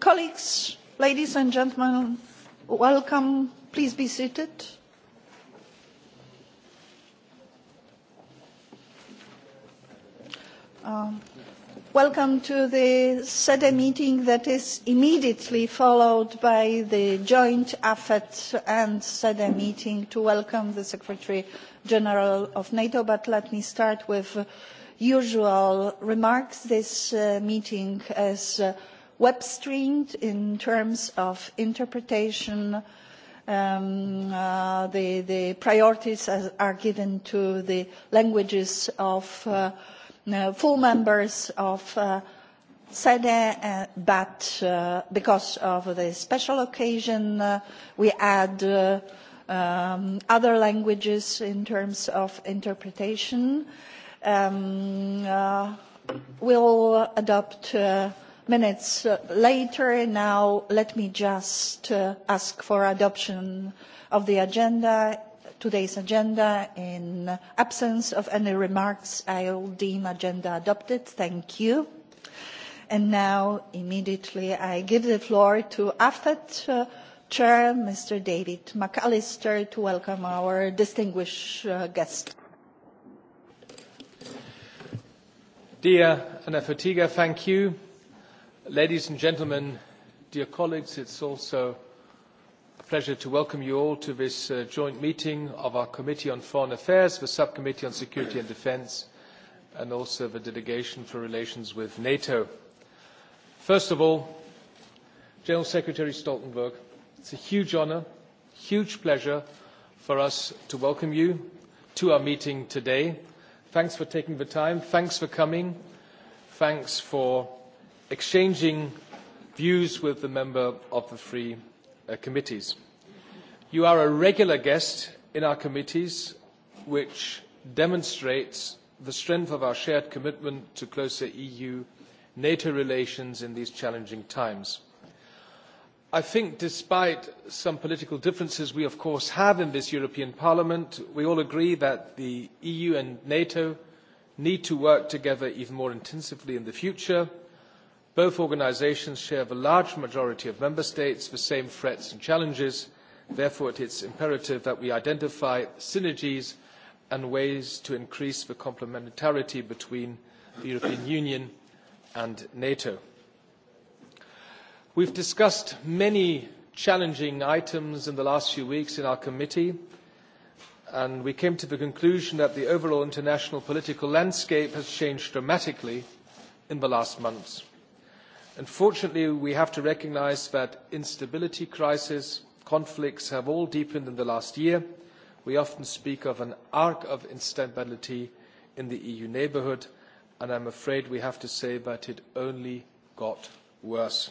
colleagues ladies and gentlemen welcome please be seated. Um, welcome to the sede meeting that is immediately followed by the joint afet and sede meeting to welcome the secretary general of nato but let me start with usual remarks. this uh, meeting as uh, web streamed in terms of interpretation. Um, uh, the, the priorities as, are given to the languages of uh, uh, full members of uh, SEDE, uh, but uh, because of the special occasion, uh, we add uh, um, other languages in terms of interpretation. Um, uh, we'll adopt uh, minutes later. Now, let me just uh, ask for adoption of the agenda, today's agenda. In absence of any remarks, I'll deem agenda adopted. Thank you. And now, immediately, I give the floor to AFET uh, Chair, Mr. David McAllister, to welcome our distinguished uh, guest. Dear Anna Fatiga, thank you Ladies and gentlemen, dear colleagues, it's also a pleasure to welcome you all to this uh, joint meeting of our Committee on Foreign Affairs, the Subcommittee on Security and Defence, and also the Delegation for Relations with NATO. First of all, General Secretary Stoltenberg, it's a huge honour, huge pleasure for us to welcome you to our meeting today. Thanks for taking the time. Thanks for coming. Thanks for exchanging views with the member of the three uh, committees. You are a regular guest in our committees, which demonstrates the strength of our shared commitment to closer EU-NATO relations in these challenging times. I think despite some political differences we of course have in this European Parliament, we all agree that the EU and NATO need to work together even more intensively in the future – Both organisations share the large majority of member states, the same threats and challenges. Therefore, it is imperative that we identify synergies and ways to increase the complementarity between the European Union and NATO. We have discussed many challenging items in the last few weeks in our committee and we came to the conclusion that the overall international political landscape has changed dramatically in the last months. Unfortunately, we have to recognize that instability crises, conflicts have all deepened in the last year. We often speak of an arc of instability in the EU neighborhood, and I'm afraid we have to say that it only got worse.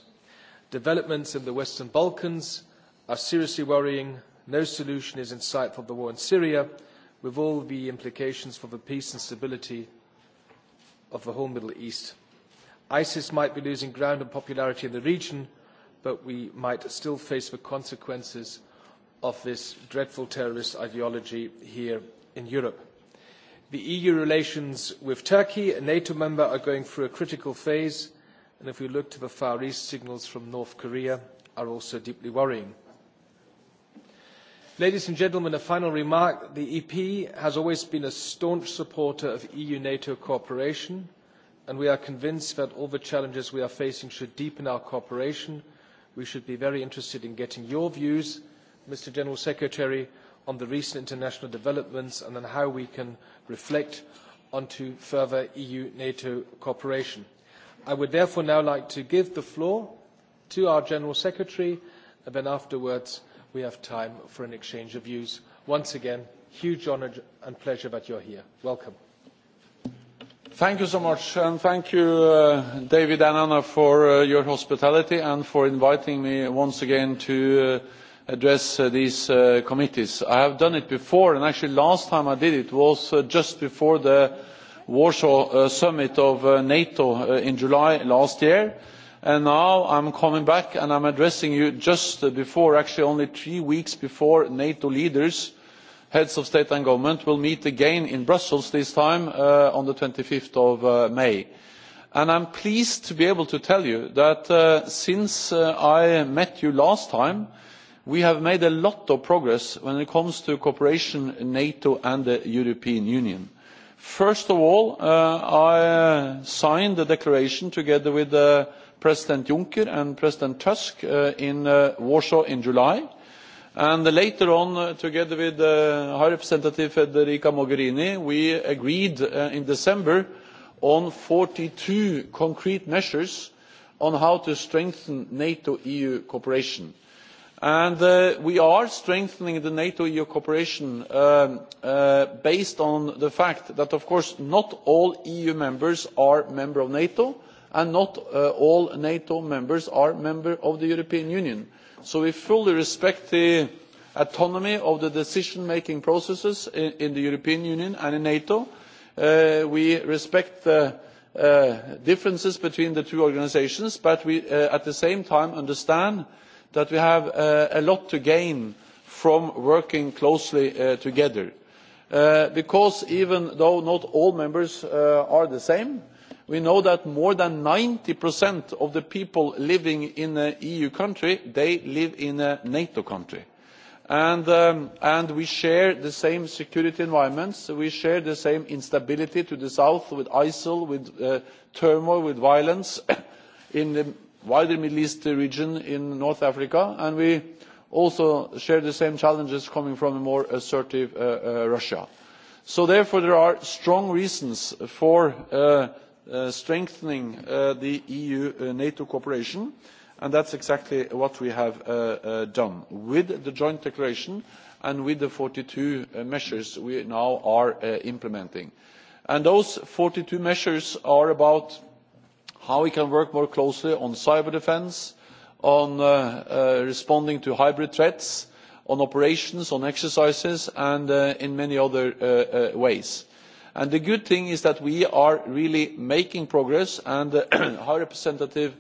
Developments in the Western Balkans are seriously worrying. No solution is in sight for the war in Syria, with all the implications for the peace and stability of the whole Middle East. ISIS might be losing ground and popularity in the region, but we might still face the consequences of this dreadful terrorist ideology here in Europe. The EU relations with Turkey, a NATO member, are going through a critical phase, and if we look to the Far East, signals from North Korea are also deeply worrying. Ladies and gentlemen, a final remark. The EP has always been a staunch supporter of EU-NATO cooperation and we are convinced that all the challenges we are facing should deepen our cooperation. We should be very interested in getting your views, Mr General Secretary, on the recent international developments and on how we can reflect onto further EU-NATO cooperation. I would therefore now like to give the floor to our General Secretary, and then afterwards we have time for an exchange of views. Once again, huge honour and pleasure that you're here. Welcome. Thank you so much, and thank you, uh, David and Anna, for uh, your hospitality and for inviting me once again to uh, address uh, these uh, committees. I have done it before, and actually last time I did it was uh, just before the Warsaw uh, summit of uh, NATO uh, in July last year. And now I'm coming back and I'm addressing you just before, actually only three weeks before NATO leaders heads of state and government will meet again in brussels this time uh, on twenty five uh, may and i am pleased to be able to tell you that uh, since uh, i met you last time we have made a lot of progress when it comes to cooperation in nato and the european union. first of all uh, i uh, signed the declaration together with president juncker and president tusk in warsaw in july And later on, uh, together with uh, High Representative Federica Mogherini, we agreed uh, in December on 42 concrete measures on how to strengthen NATO-EU cooperation. And uh, we are strengthening the NATO-EU cooperation um, uh, based on the fact that, of course, not all EU members are members of NATO, and not uh, all NATO members are members of the European Union so we fully respect the autonomy of the decision making processes in, in the european union and in nato. Uh, we respect the uh, differences between the two organisations but we uh, at the same time understand that we have uh, a lot to gain from working closely uh, together uh, because even though not all members are the same we know that more than ninety of the people living in an eu country live in a nato country and, um, and we share the same security environments we share the same instability to the south with isil with uh, turmoil with violence in the wider middle east region in north africa and we also share the same challenges coming from a more assertive uh, uh, russia. so therefore there are strong reasons for uh, uh, strengthening uh, the EU-NATO uh, cooperation, and that's exactly what we have uh, uh, done with the joint declaration and with the 42 uh, measures we now are uh, implementing. And those 42 measures are about how we can work more closely on cyber defence, on uh, uh, responding to hybrid threats, on operations, on exercises, and uh, in many other uh, uh, ways And the good thing is that we are really making progress, and uh, High Representative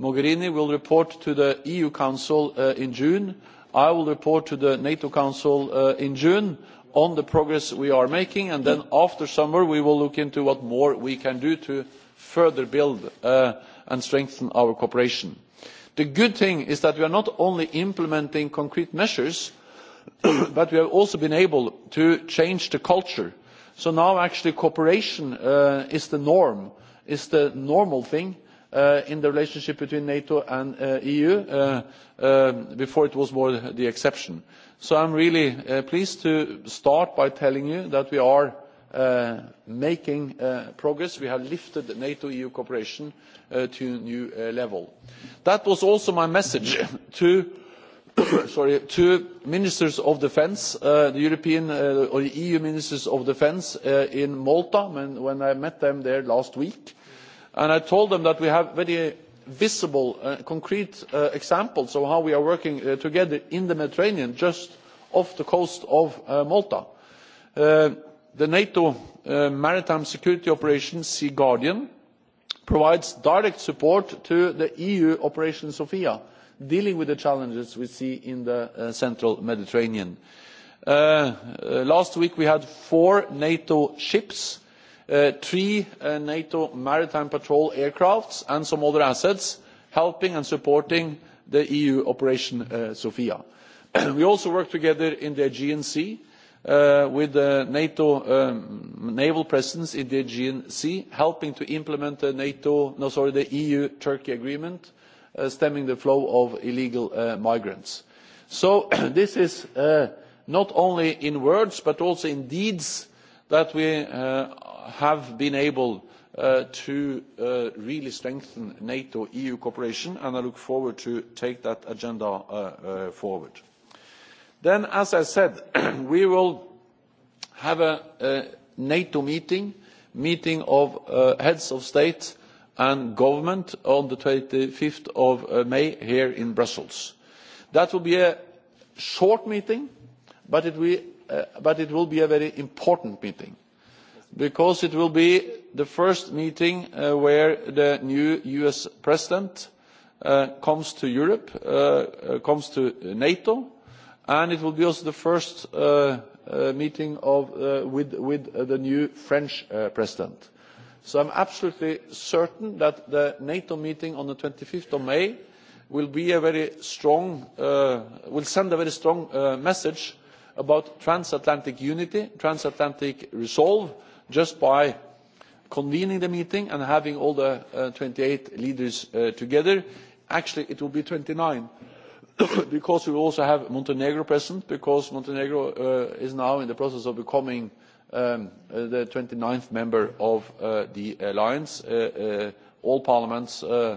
Mogherini will report to the EU Council uh, in June. I will report to the NATO Council uh, in June on the progress we are making, and then after summer, we will look into what more we can do to further build uh, and strengthen our cooperation. The good thing is that we are not only implementing concrete measures, but we have also been able to change the culture So now actually cooperation uh, is the norm, is the normal thing uh, in the relationship between NATO and uh, EU. Uh, uh, before it was more the exception. So I'm really uh, pleased to start by telling you that we are uh, making uh, progress. We have lifted NATO-EU cooperation uh, to a new uh, level. That was also my message to sorry, to ministers of defence, uh, the European uh, or the EU ministers of defence uh, in Malta when, when I met them there last week, and I told them that we have very visible, uh, concrete uh, examples of how we are working uh, together in the Mediterranean, just off the coast of uh, Malta. Uh, the NATO uh, maritime security operation Sea Guardian provides direct support to the EU Operation Sophia, dealing with the challenges we see in the uh, central mediterranean. Uh, uh, last week we had four nato ships uh, three uh, nato maritime patrol aircraft and some other assets helping and supporting the eu operation uh, sophia. we also work together in the aegean sea uh, with the nato um, naval presence in the aegean sea helping to implement the, NATO, no, sorry, the eu turkey agreement Uh, stemming the flow of illegal uh, migrants. so this is uh, not only in words but also in deeds that we have been able to really strengthen nato eu cooperation and i look forward to taking that agenda forward. then as i said we will have a nato meeting a meeting of heads of state and government on the 25th of uh, May here in Brussels. That will be a short meeting, but it, will, uh, but it will be a very important meeting because it will be the first meeting uh, where the new US president uh, comes to Europe, uh, uh, comes to NATO, and it will be also the first uh, uh, meeting of, uh, with, with uh, the new French uh, president so i am absolutely certain that the nato meeting on twenty five may uh, will send a very strong uh, message about transatlantic unity transatlantic resolve just by convening the meeting and having all the uh, twenty eight leaders together. actually it will be twenty nine because we will also have montenegro present because montenegro is now in the process of becoming um, uh, the 29th member of uh, the alliance. Uh, uh, all parliaments uh,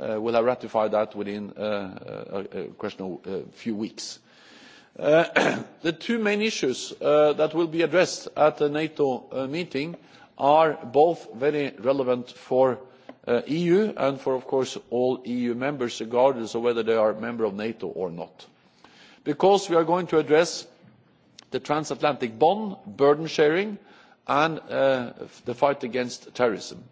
uh, will have ratified that within uh, a, a question of a few weeks. Uh, the two main issues uh, that will be addressed at the NATO uh, meeting are both very relevant for uh, EU and for, of course, all EU members, regardless of whether they are a member of NATO or not. Because we are going to address the transatlantic bond burden sharing and uh, the fight against terrorism.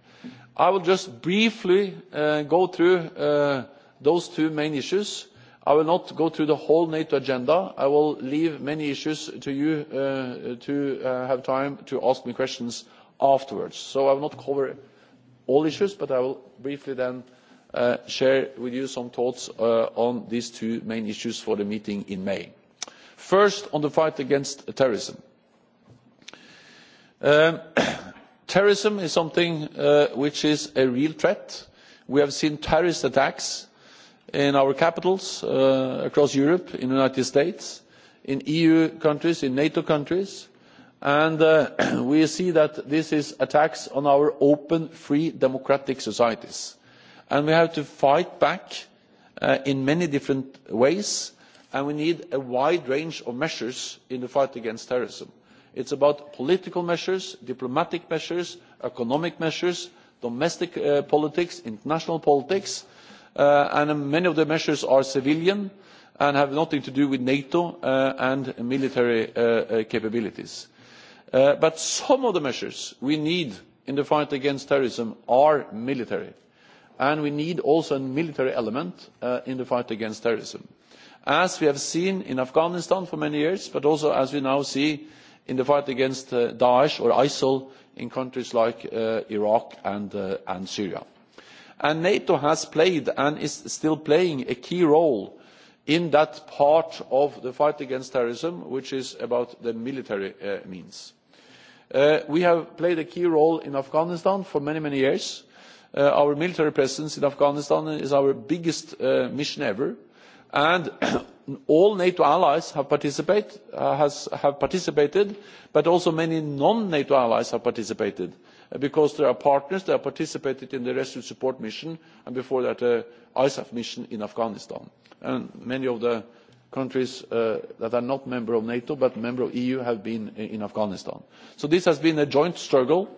i will just briefly uh, go through uh, those two main issues. i will not go through the whole nato agenda. i will leave many issues to you uh, to uh, have time to ask me questions afterwards. so i will not cover all issues but i will briefly then uh, share with you some thoughts on these two main issues for the meeting in may first on the fight against terrorism um, terrorism is something uh, which is a real threat. we have seen terrorist attacks in our capitals uh, across europe in the united states in eu countries in nato countries and uh, we see that this is attacks on our open free democratic societies and we have to fight back uh, in many different ways and we need a wide range of measures in the fight against terrorism. it is about political measures diplomatic measures economic measures domestic uh, politics international politics uh, and many of the measures are civilian and have nothing to do with nato uh, and military uh, uh, capabilities. Uh, but some of the measures we need in the fight against terrorism are military and we need also a military element in the fight against terrorism as we have seen in afghanistan for many years but also as we now see in the fight against uh, daesh or isil in countries like uh, iraq and, uh, and syria. And nato has played and is still playing a key role in that part of the fight against terrorism which is about the military means. we have played a key role in afghanistan for many many years. our military presence in afghanistan is our biggest mission ever and all nato allies have, participate, uh, has, have participated but also many non nato allies have participated uh, because they are partners they have participated in the rescue support mission and before that the uh, isaf mission in afghanistan and many of the countries uh, that are not members of nato but members of the eu have been in afghanistan. so this has been a joint struggle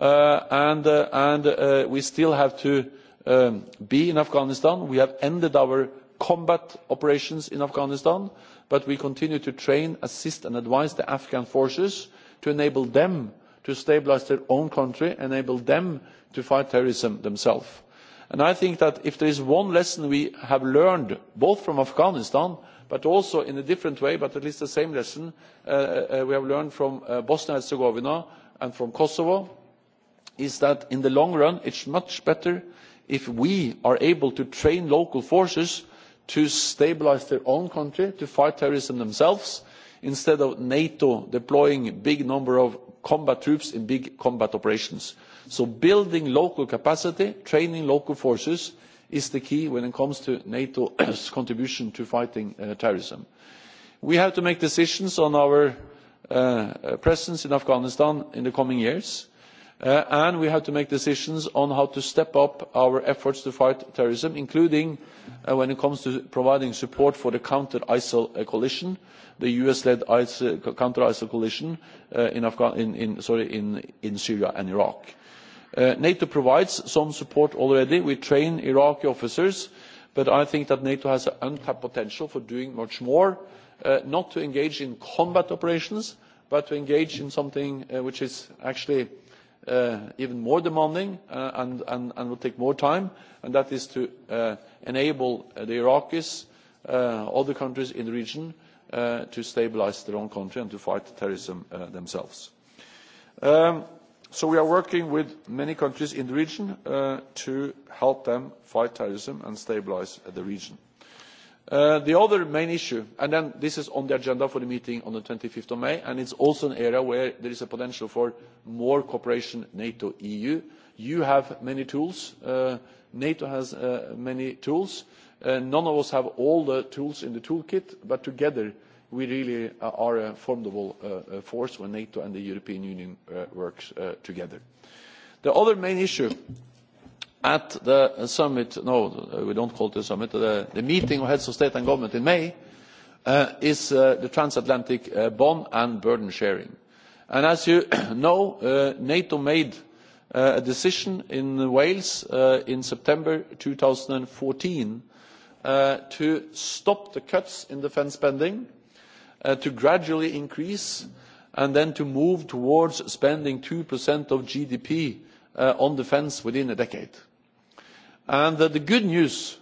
uh, and, uh, and we still have to um, be in afghanistan. we have ended our combat operations in afghanistan but we continue to train assist and advise the afghan forces to enable them to stabilise their own country enable them to fight terrorism themselves. i think that if there is one lesson we have learned both from afghanistan but also in a different way but at least the same lesson uh, uh we have learned from uh, bosnia and herzegovina and from kosovo is that in the long run it is much better if we are able to train local forces to stabilise their own country to fight terrorism themselves instead of nato deploying a big number of combat troops in big combat operations. so building local capacity training local forces is the key when it comes to nato's contribution to fighting uh, terrorism. we have to make decisions on our uh, presence in afghanistan in the coming years. Uh, and we have to make decisions on how to step up our efforts to fight terrorism including uh, when it comes to providing support for the counter isil uh, coalition the us led ISIL, counter isil coalition uh, in, Afga- in, in, sorry, in, in syria and iraq. Uh, nato provides some support already we train iraqi officers but i think that nato has an untapped potential for doing much more uh, not to engage in combat operations but to engage in something uh, which is actually uh, uh, even more demanding uh, and, and, and will take more time, and that is to uh, enable the Iraqis, uh, other countries in the region, uh, to stabilize their own country and to fight terrorism uh, themselves. Um, so we are working with many countries in the region uh, to help them fight terrorism and stabilize the region Uh, the other main issue and then this is on the agenda for the meeting on twenty five may and it is also an area where there is a potential for more cooperation nato eu. you have many tools uh, nato has uh, many tools uh, none of us have all the tools in the toolkit but together we really uh, are a formidable uh, force when nato and the european union work together. the other main issue at the summit no we don't call it a summit the, the meeting of heads of state and government in may uh, is uh, the transatlantic uh, bond and burden sharing and as you know uh, nato made uh, a decision in wales uh, in september 2014 uh, to stop the cuts in defence spending uh, to gradually increase and then to move towards spending 2% of gdp uh, on defence within a decade And the good news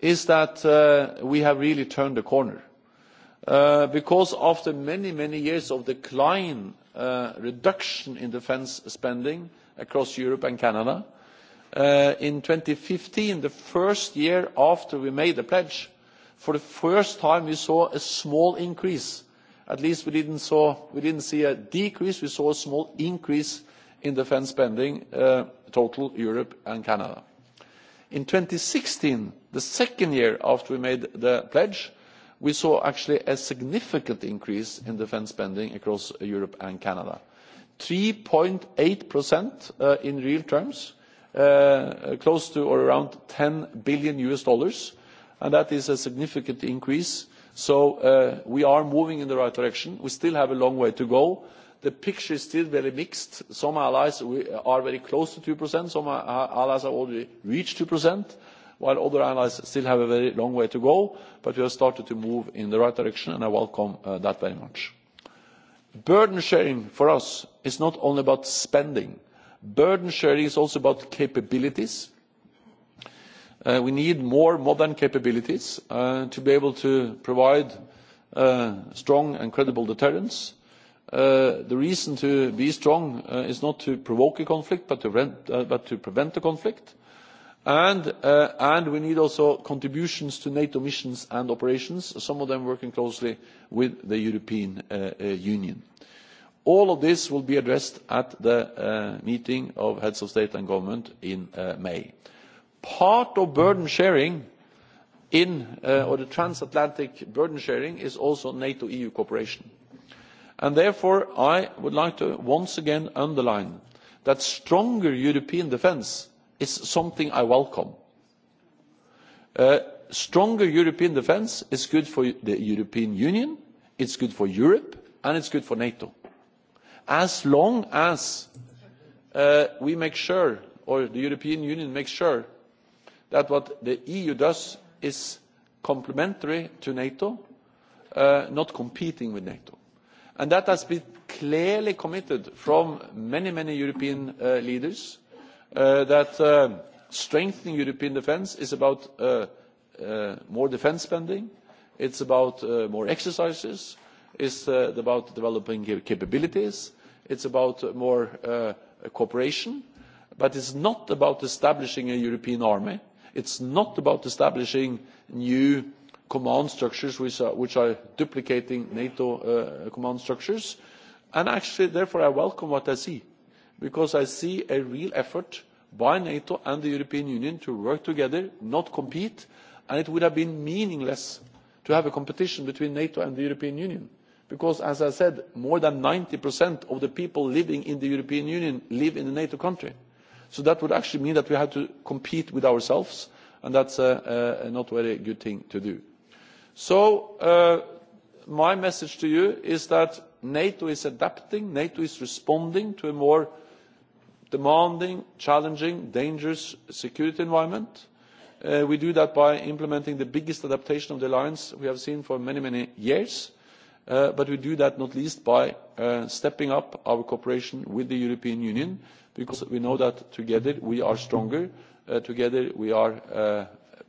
is that uh, we have really turned the corner. Uh, because after many, many years of decline, uh, reduction in defense spending across Europe and Canada, in 2015, the first year after we made the pledge, for the first time, we saw a small increase. At least we didn't, saw, we didn't see a decrease, we saw a small increase in defense spending, uh, total Europe and Canada in two thousand and sixteen the second year after we made the pledge we saw actually a significant increase in defence spending across europe and canada three eight uh, in real terms uh, close to or around us ten billion us dollars and that is a significant increase so uh, we are moving in the right direction. we still have a long way to the picture is still very mixed. Some allies are very close to 2%, some allies have already reached 2%, while other allies still have a very long way to go, but we have started to move in the right direction, and I welcome uh, that very much. Burden sharing for us is not only about spending. Burden sharing is also about capabilities. Uh, we need more modern capabilities uh, to be able to provide uh, strong and credible deterrence Uh, the reason to be strong uh, is not to provoke a conflict but to, rent, uh, but to prevent a conflict and, uh, and we need also contributions to nato missions and operations some of them working closely with the european uh, uh, union. all of this will be addressed at the meeting of heads of state and government in may. part of burden sharing in, or the transatlantic burden sharing is also nato eu cooperation and therefore i would like to once again underline that stronger european defence is something i welcome. Uh, stronger european defence is good for the european union it is good for europe and it is good for nato as long as uh, we make sure or the european union makes sure that what the eu does is complementary to nato uh, not competing with and that has been clearly committed from many many european uh, leaders uh, that uh, strengthening european defence is about uh, uh, more defence spending it uh, is about more exercises it is about developing capabilities it is about more cooperation but it is not about establishing a european army it is not about establishing new command structures which are, which are duplicating NATO uh, command structures. And actually, therefore, I welcome what I see, because I see a real effort by NATO and the European Union to work together, not compete, and it would have been meaningless to have a competition between NATO and the European Union. Because, as I said, more than 90% of the people living in the European Union live in a NATO country. So that would actually mean that we had to compete with ourselves, and that's a, a, a not very good thing to do so uh, my message to you is that nato is adapting nato is responding to a more demanding challenging dangerous security environment. Uh, we do that by implementing the biggest adaptation of the alliance we have seen for many many years uh, but we do that not least by uh, stepping up our cooperation with the european union because we know that together we are stronger uh, together we are uh,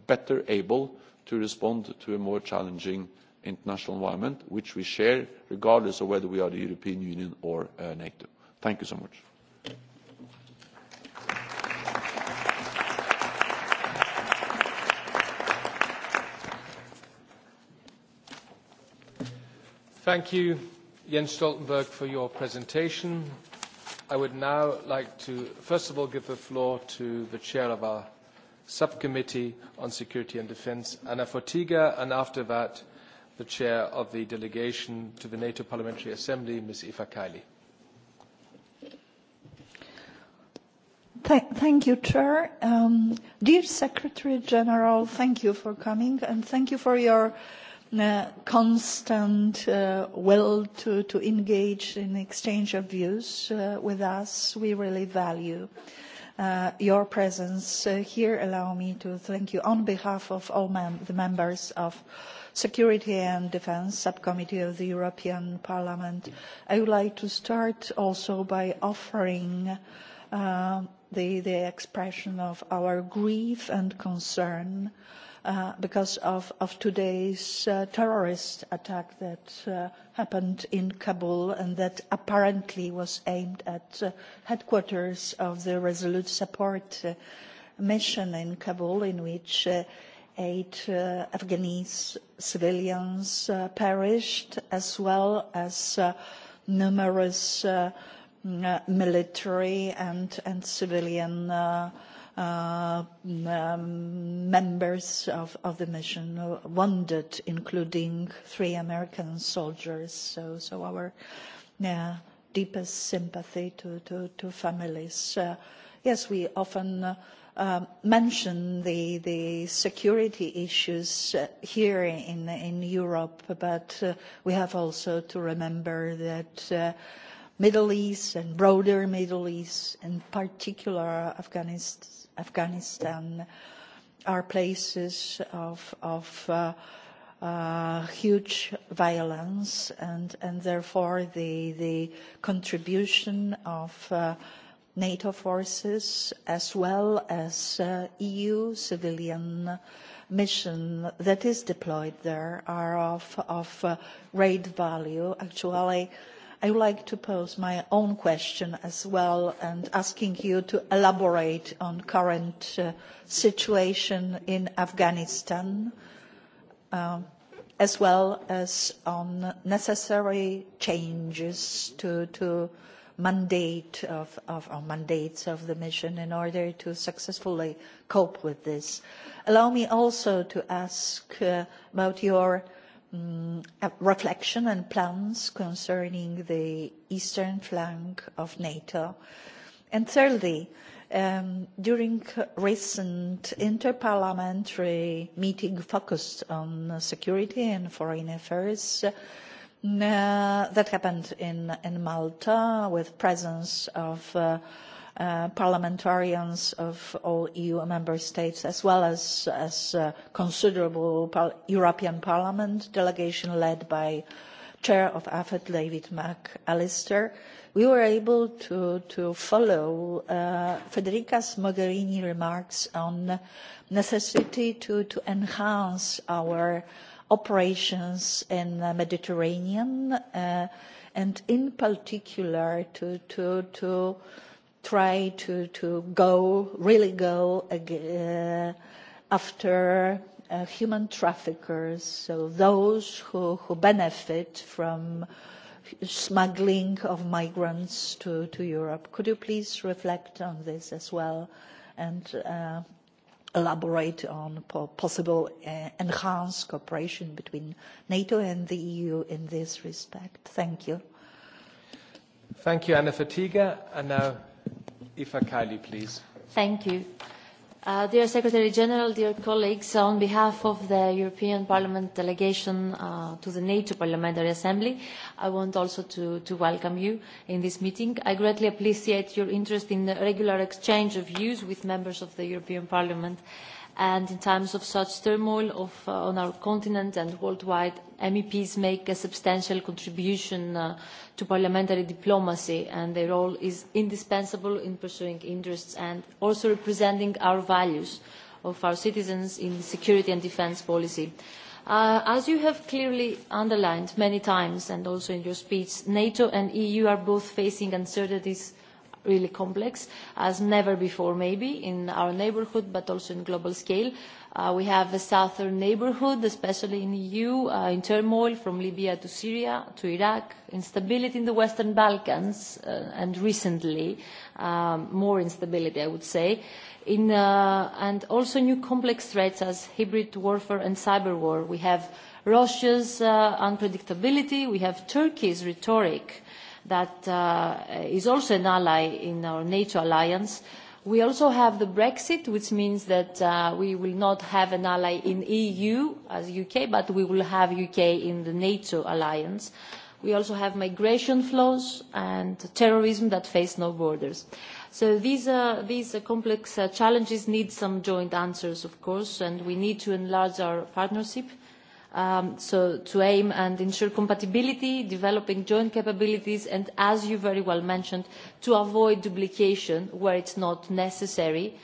better able to respond to a more challenging international environment which we share regardless of whether we are the european union or uh, nato. thank you so much. thank you jens stoltenberg for your presentation. i would now like to first of all give the floor to the chair of our Subcommittee on Security and Defence, Anna Fortiga, and after that, the chair of the delegation to the NATO Parliamentary Assembly, Ms. Eva Kaili. Th thank you, Chair. Um, dear Secretary General, thank you for coming and thank you for your uh, constant uh, will to, to engage in exchange of views uh, with us. We really value. Uh, Uh, your presence uh, here. Allow me to thank you on behalf of all mem the members of Security and Defence Subcommittee of the European Parliament. I would like to start also by offering uh, the, the expression of our grief and concern uh, uh, because of, of today's uh, terrorist attack that uh, happened in Kabul and that apparently was aimed at uh, headquarters of the Resolute Support uh, mission in Kabul in which uh, eight uh, Afghanese civilians uh, perished as well as uh, numerous uh, uh military and, and civilian uh, uh, um, members of, of the mission uh, wounded, including three American soldiers. So, so our uh, deepest sympathy to, to, to families. Uh, yes, we often uh, uh, mention the, the security issues uh, here in, in Europe, but uh, we have also to remember that uh, Middle East and broader Middle East, in particular Afghanistan, Afghanistan are places of, of uh, uh, huge violence and, and therefore the, the contribution of uh, NATO forces as well as uh, EU civilian mission that is deployed there are of, of uh, great value. Actually, uh, I would like to pose my own question as well and asking you to elaborate on current uh, situation in Afghanistan, uh, as well as on necessary changes to, to mandate of, of or mandates of the mission in order to successfully cope with this. Allow me also to ask uh, about your um, reflection and plans concerning the eastern flank of NATO. And thirdly, um, during recent interparliamentary meeting focused on security and foreign affairs, uh, that happened in, in Malta with presence of uh, uh, parliamentarians of all EU member states, as well as, as a uh, considerable par European Parliament delegation led by chair of AFET, David McAllister, we were able to, to follow uh, Federica Mogherini's remarks on necessity to, to enhance our operations in the Mediterranean, uh, and in particular to, to, to uh, try to, to go, really go uh, after uh, human traffickers, so those who, who benefit from smuggling of migrants to, to Europe. Could you please reflect on this as well and uh, elaborate on po possible uh, enhanced cooperation between NATO and the EU in this respect? Thank you. Thank you, Anna Fatiga. And now Eva Kaili, please. Thank you. Uh, dear Secretary General, dear colleagues, on behalf of the European Parliament delegation uh, to the NATO Parliamentary Assembly, I want also to, to welcome you in this meeting. I greatly appreciate your interest in the regular exchange of views with members of the European Parliament uh, and in times of such turmoil of, uh, on our continent and worldwide, MEPs make a substantial contribution uh, to parliamentary diplomacy and their role is indispensable in pursuing interests and also representing our values of our citizens in security and defence policy. Uh, as you have clearly underlined many times and also in your speech, NATO and EU are both facing uncertainties really complex as never before maybe in our neighbourhood but also in global scale. Uh, we have a southern neighbourhood, especially in the EU, uh, in turmoil from Libya to Syria to Iraq, instability in the Western Balkans uh, and recently um, more instability, I would say, in, uh, and also new complex threats as hybrid warfare and cyber war. We have Russia's uh, unpredictability, we have Turkey's rhetoric, uh, that uh, is also an ally in our NATO alliance. We also have the Brexit, which means that uh, we will not have an ally in EU as UK, but we will have UK in the NATO alliance. We also have migration flows and terrorism that face no borders. So these, uh, these uh, complex uh, challenges need some joint answers, of course, and we need to enlarge our partnership. Uh, um, so to aim and ensure compatibility, developing joint capabilities, and as you very well mentioned, to avoid duplication where it's not necessary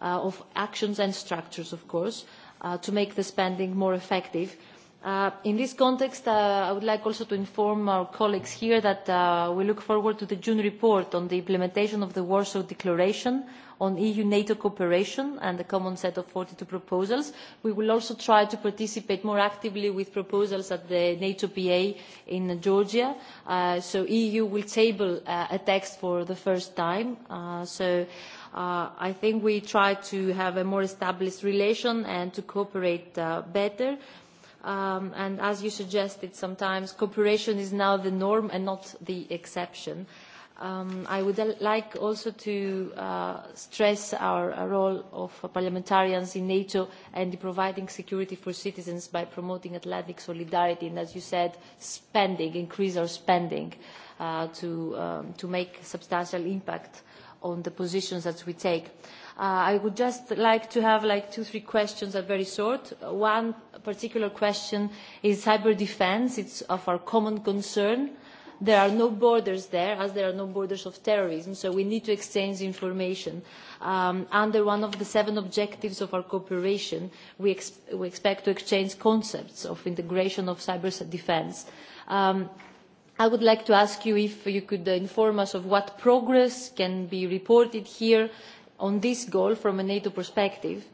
uh, of actions and structures, of course, uh, to make the spending more effective Uh, in this context, uh, I would like also to inform our colleagues here that uh, we look forward to the June report on the implementation of the Warsaw Declaration on EU-NATO cooperation and the common set of 42 proposals. We will also try to participate more actively with proposals at the NATO PA in Georgia. Uh, so EU will table uh, a text for the first time. Uh, so uh, I think we try to have a more established relation and to cooperate uh, better um, and as you suggested sometimes, cooperation is now the norm and not the exception. Um, I would like also to uh, stress our, our uh, role of parliamentarians in NATO and in providing security for citizens by promoting Atlantic solidarity and, as you said, spending, increase our spending uh, to, um, to make substantial impact on the positions that we take. Uh, I would just like to have like two, three questions that are very short. One particular question is cyber defense. It's of our common concern. There are no borders there, as there are no borders of terrorism, so we need to exchange information. Um, under one of the seven objectives of our cooperation, we, ex we expect to exchange concepts of integration of cyber defense. Um, I would like to ask you if you could inform us of what progress can be reported here on this goal from a NATO perspective,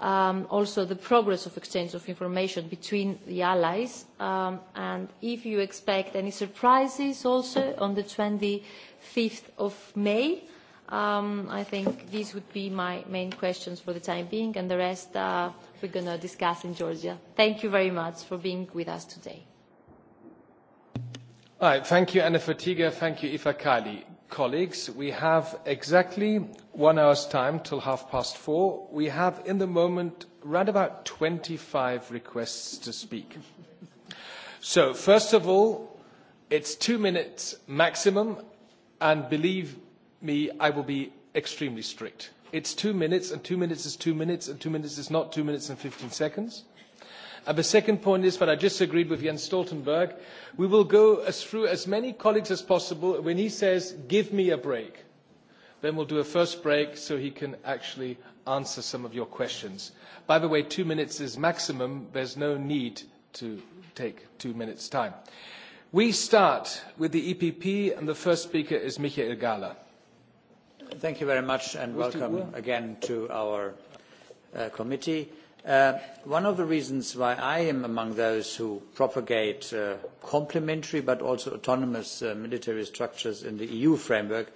um, also the progress of exchange of information between the allies, um, and if you expect any surprises also on the 25th of May. Um, I think these would be my main questions for the time being, and the rest uh, we're going to discuss in Georgia. Thank you very much for being with us today. All right, thank you, Anna Fatiga. Thank you, Ifa Kali colleagues, we have exactly one hour's time till half past four. We have in the moment round about 25 requests to speak. so first of all, it's two minutes maximum, and believe me, I will be extremely strict. It's two minutes, and two minutes is two minutes, and two minutes is not two minutes and 15 seconds. And uh, the second point is what I just agreed with Jens Stoltenberg. We will go as through as many colleagues as possible. When he says, give me a break, then we'll do a first break so he can actually answer some of your questions. By the way, two minutes is maximum. There's no need to take two minutes' time. We start with the EPP, and the first speaker is Michael Gahler. Thank you very much, and welcome again to our uh, committee. Uh, one of the reasons why I am among those who propagate uh, complementary but also autonomous uh, military structures in the EU framework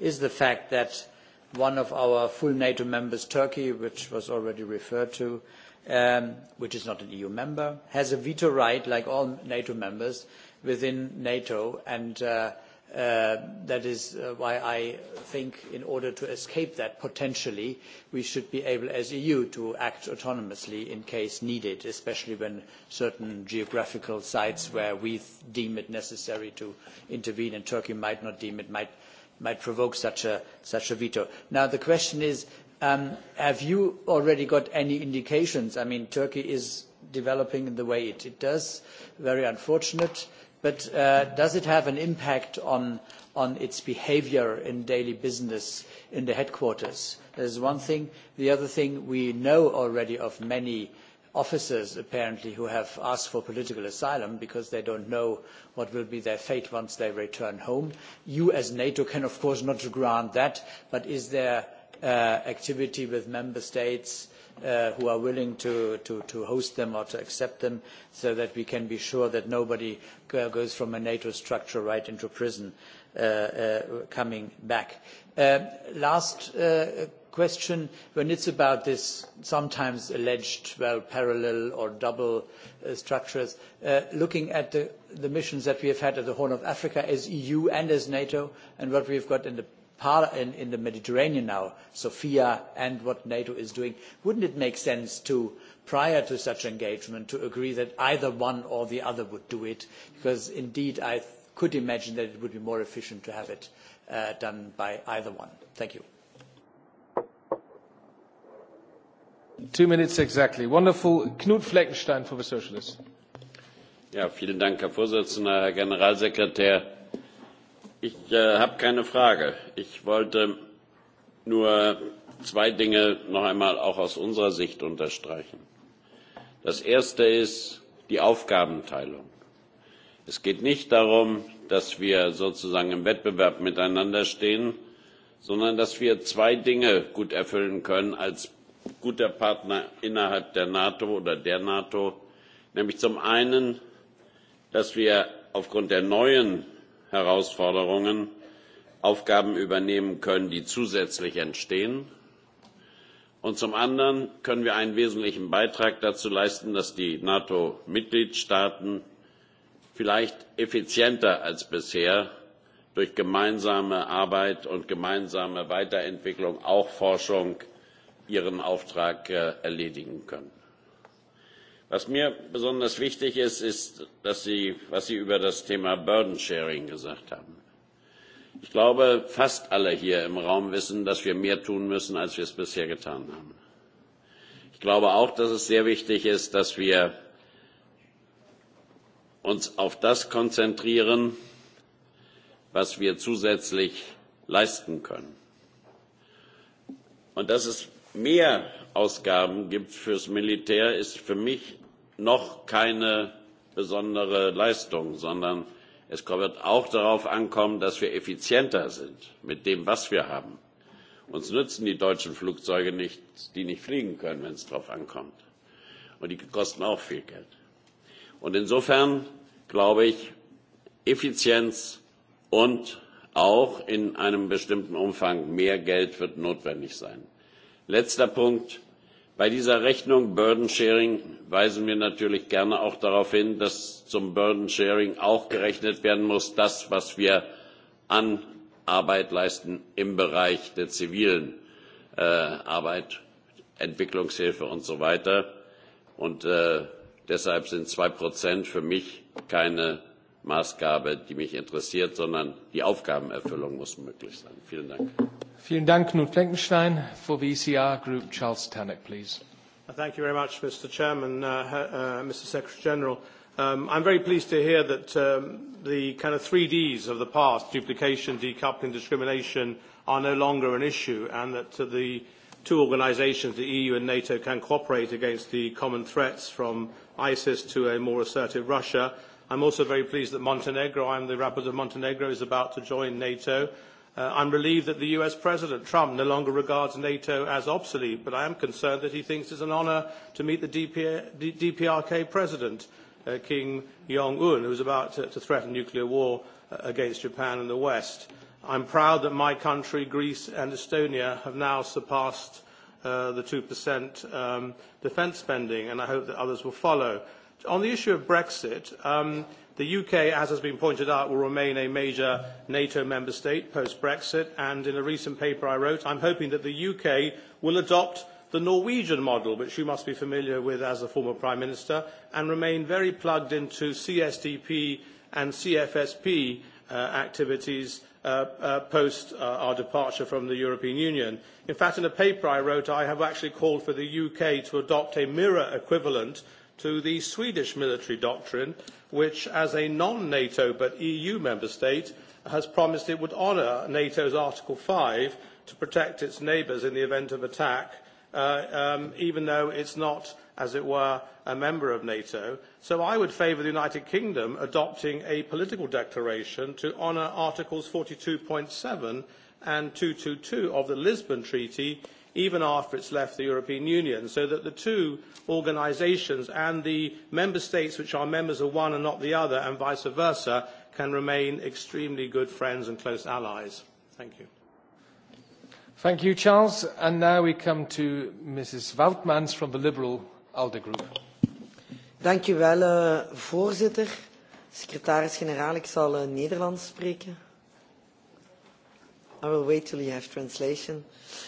is the fact that one of our full NATO members, Turkey, which was already referred to, um, which is not an EU member, has a veto right, like all NATO members, within NATO. And uh, Uh, that is uh, why I think in order to escape that potentially, we should be able as EU to act autonomously in case needed, especially when certain geographical sites where we deem it necessary to intervene and Turkey might not deem it might, might provoke such a, such a veto. Now the question is, um, have you already got any indications? I mean, Turkey is developing in the way it, it does, very unfortunate. Uh, But uh, does it have an impact on, on its behavior in daily business in the headquarters? That is one thing. The other thing, we know already of many officers apparently who have asked for political asylum because they don't know what will be their fate once they return home. You as NATO can of course not grant that, but is there uh, activity with member states uh, who are willing to, to, to host them or to accept them so that we can be sure that nobody goes from a NATO structure right into prison uh, uh, coming back. Uh, last uh, question, when it's about this sometimes alleged, well, parallel or double uh, structures, uh, looking at the, the missions that we have had at the Horn of Africa as EU and as NATO and what we've got in the part in, in the Mediterranean now, Sofia and what NATO is doing, wouldn't it make sense to, prior to such engagement, to agree that either one or the other would do it? Because indeed, I could imagine that it would be more efficient to have it uh, done by either one. Thank you. Two minutes exactly. Wonderful. Knut Fleckenstein for the Socialists. Ja, vielen Dank, Herr Vorsitzender, Herr Generalsekretär Ich äh, habe keine Frage. Ich wollte nur zwei Dinge noch einmal auch aus unserer Sicht unterstreichen. Das erste ist die Aufgabenteilung. Es geht nicht darum, dass wir sozusagen im Wettbewerb miteinander stehen, sondern dass wir zwei Dinge gut erfüllen können als guter Partner innerhalb der NATO oder der NATO, nämlich zum einen, dass wir aufgrund der neuen Herausforderungen Aufgaben übernehmen können, die zusätzlich entstehen. Und zum anderen können wir einen wesentlichen Beitrag dazu leisten, dass die NATO-Mitgliedstaaten vielleicht effizienter als bisher durch gemeinsame Arbeit und gemeinsame Weiterentwicklung, auch Forschung, ihren Auftrag äh, erledigen können. Was mir besonders wichtig ist, ist, dass Sie, was Sie über das Thema Burden Sharing gesagt haben. Ich glaube, fast alle hier im Raum wissen, dass wir mehr tun müssen, als wir es bisher getan haben. Ich glaube auch, dass es sehr wichtig ist, dass wir uns auf das konzentrieren, was wir zusätzlich leisten können. Und dass es mehr Ausgaben gibt fürs Militär, ist für mich noch keine besondere Leistung, sondern es wird auch darauf ankommen, dass wir effizienter sind mit dem, was wir haben. Uns nützen die deutschen Flugzeuge nicht, die nicht fliegen können, wenn es darauf ankommt. Und die kosten auch viel Geld. Und insofern glaube ich, Effizienz und auch in einem bestimmten Umfang mehr Geld wird notwendig sein. Letzter Punkt bei dieser rechnung burden sharing weisen wir natürlich gerne auch darauf hin dass zum burden sharing auch gerechnet werden muss das was wir an arbeit leisten im bereich der zivilen äh, arbeit entwicklungshilfe und so weiter und äh, deshalb sind zwei prozent für mich keine maßgabe die mich interessiert sondern die aufgabenerfüllung muss möglich sein. vielen dank. Vielen Dank, Knut Fleckenstein. For the ECR group, Charles Tannock, please. Thank you very much, Mr. Chairman, uh, uh, Mr. Secretary General. Um, I'm very pleased to hear that um, the kind of 3Ds of the past, duplication, decoupling, discrimination, are no longer an issue and that uh, the two organisations, the EU and NATO, can cooperate against the common threats from ISIS to a more assertive Russia. I'm also very pleased that Montenegro, I'm the rapporteur of Montenegro, is about to join NATO Uh, I'm relieved that the US President Trump no longer regards NATO as obsolete, but I am concerned that he thinks it's an honour to meet the DPA, D, DPRK President, uh, Kim Jong-un, who's about to, to threaten nuclear war uh, against Japan and the West. I'm proud that my country, Greece and Estonia, have now surpassed uh, the 2% um, defence spending, and I hope that others will follow. On the issue of Brexit, um, The UK, as has been pointed out, will remain a major NATO member state post-Brexit, and in a recent paper I wrote, I'm hoping that the UK will adopt the Norwegian model, which you must be familiar with as a former Prime Minister, and remain very plugged into CSDP and CFSP uh, activities uh, uh, post uh, our departure from the European Union. In fact, in a paper I wrote, I have actually called for the UK to adopt a mirror equivalent uh, to the Swedish military doctrine, which, as a non NATO but EU member state, has promised it would honour NATO's Article 5 to protect its neighbours in the event of attack, uh, um, even though it's not, as it were, a member of NATO. So I would favour the United Kingdom adopting a political declaration to honour Articles 42.7 and 222 of the Lisbon Treaty, even after it's left the European Union, so that the two organisations and the member states which are members of one and not the other, and vice versa, can remain extremely good friends and close allies. Thank you. Thank you, Charles. And now we come to Mrs. Woutmans from the Liberal ALDE Group. Dank u wel, uh, voorzitter. Secretaris-generaal, ik zal uh, Nederlands spreken. I will wait till you have translation. Uh,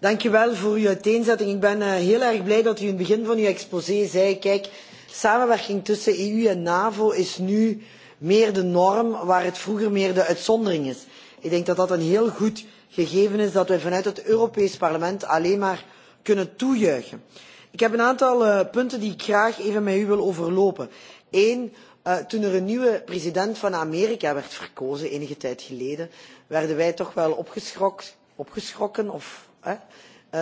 Dank u wel voor uw uiteenzetting. Ik ben uh, heel erg blij dat u in het begin van uw exposé zei, kijk, samenwerking tussen EU en NAVO is nu meer de norm waar het vroeger meer de uitzondering is. Ik denk dat dat een heel goed gegeven is dat wij vanuit het Europees Parlement alleen maar kunnen toejuichen. Ik heb een aantal uh, punten die ik graag even met u wil overlopen. Eén, uh, toen er een nieuwe president van Amerika werd verkozen enige tijd geleden, werden wij toch wel opgeschrokken, opgeschrokken of hè,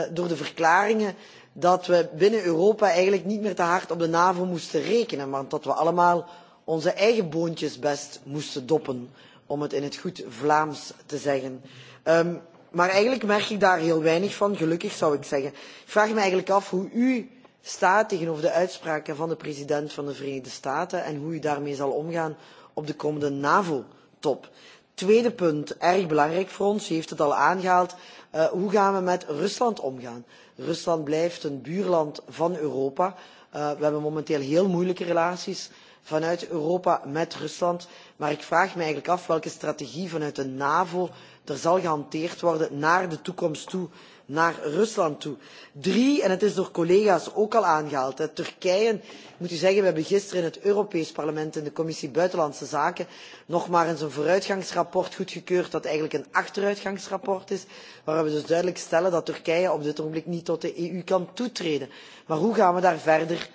uh, door de verklaringen dat we binnen Europa eigenlijk niet meer te hard op de NAVO moesten rekenen, maar dat we allemaal onze eigen boontjes best moesten doppen, om het in het goed Vlaams te zeggen. Um, maar eigenlijk merk ik daar heel weinig van, gelukkig zou ik zeggen. Ik vraag me eigenlijk af hoe u staat tegenover de uitspraken van de president van de Verenigde Staten en hoe u daarmee zal omgaan op de komende NAVO-top. Tweede punt, erg belangrijk voor ons, u heeft het al aangehaald, uh, hoe gaan we met Rusland omgaan? Rusland blijft een buurland van Europa. Uh, we hebben momenteel heel moeilijke relaties vanuit Europa met Rusland. Maar ik vraag me eigenlijk af welke strategie vanuit de NAVO er zal gehanteerd worden naar de toekomst toe naar Rusland toe. Drie, en het is door collega's ook al aangehaald, hè, Turkije, ik moet u zeggen, we hebben gisteren in het Europees Parlement in de Commissie Buitenlandse Zaken nog maar eens een vooruitgangsrapport goedgekeurd dat eigenlijk een achteruitgangsrapport is, waar we dus duidelijk stellen dat Turkije op dit ogenblik niet tot de EU kan toetreden. Maar hoe gaan we daar verder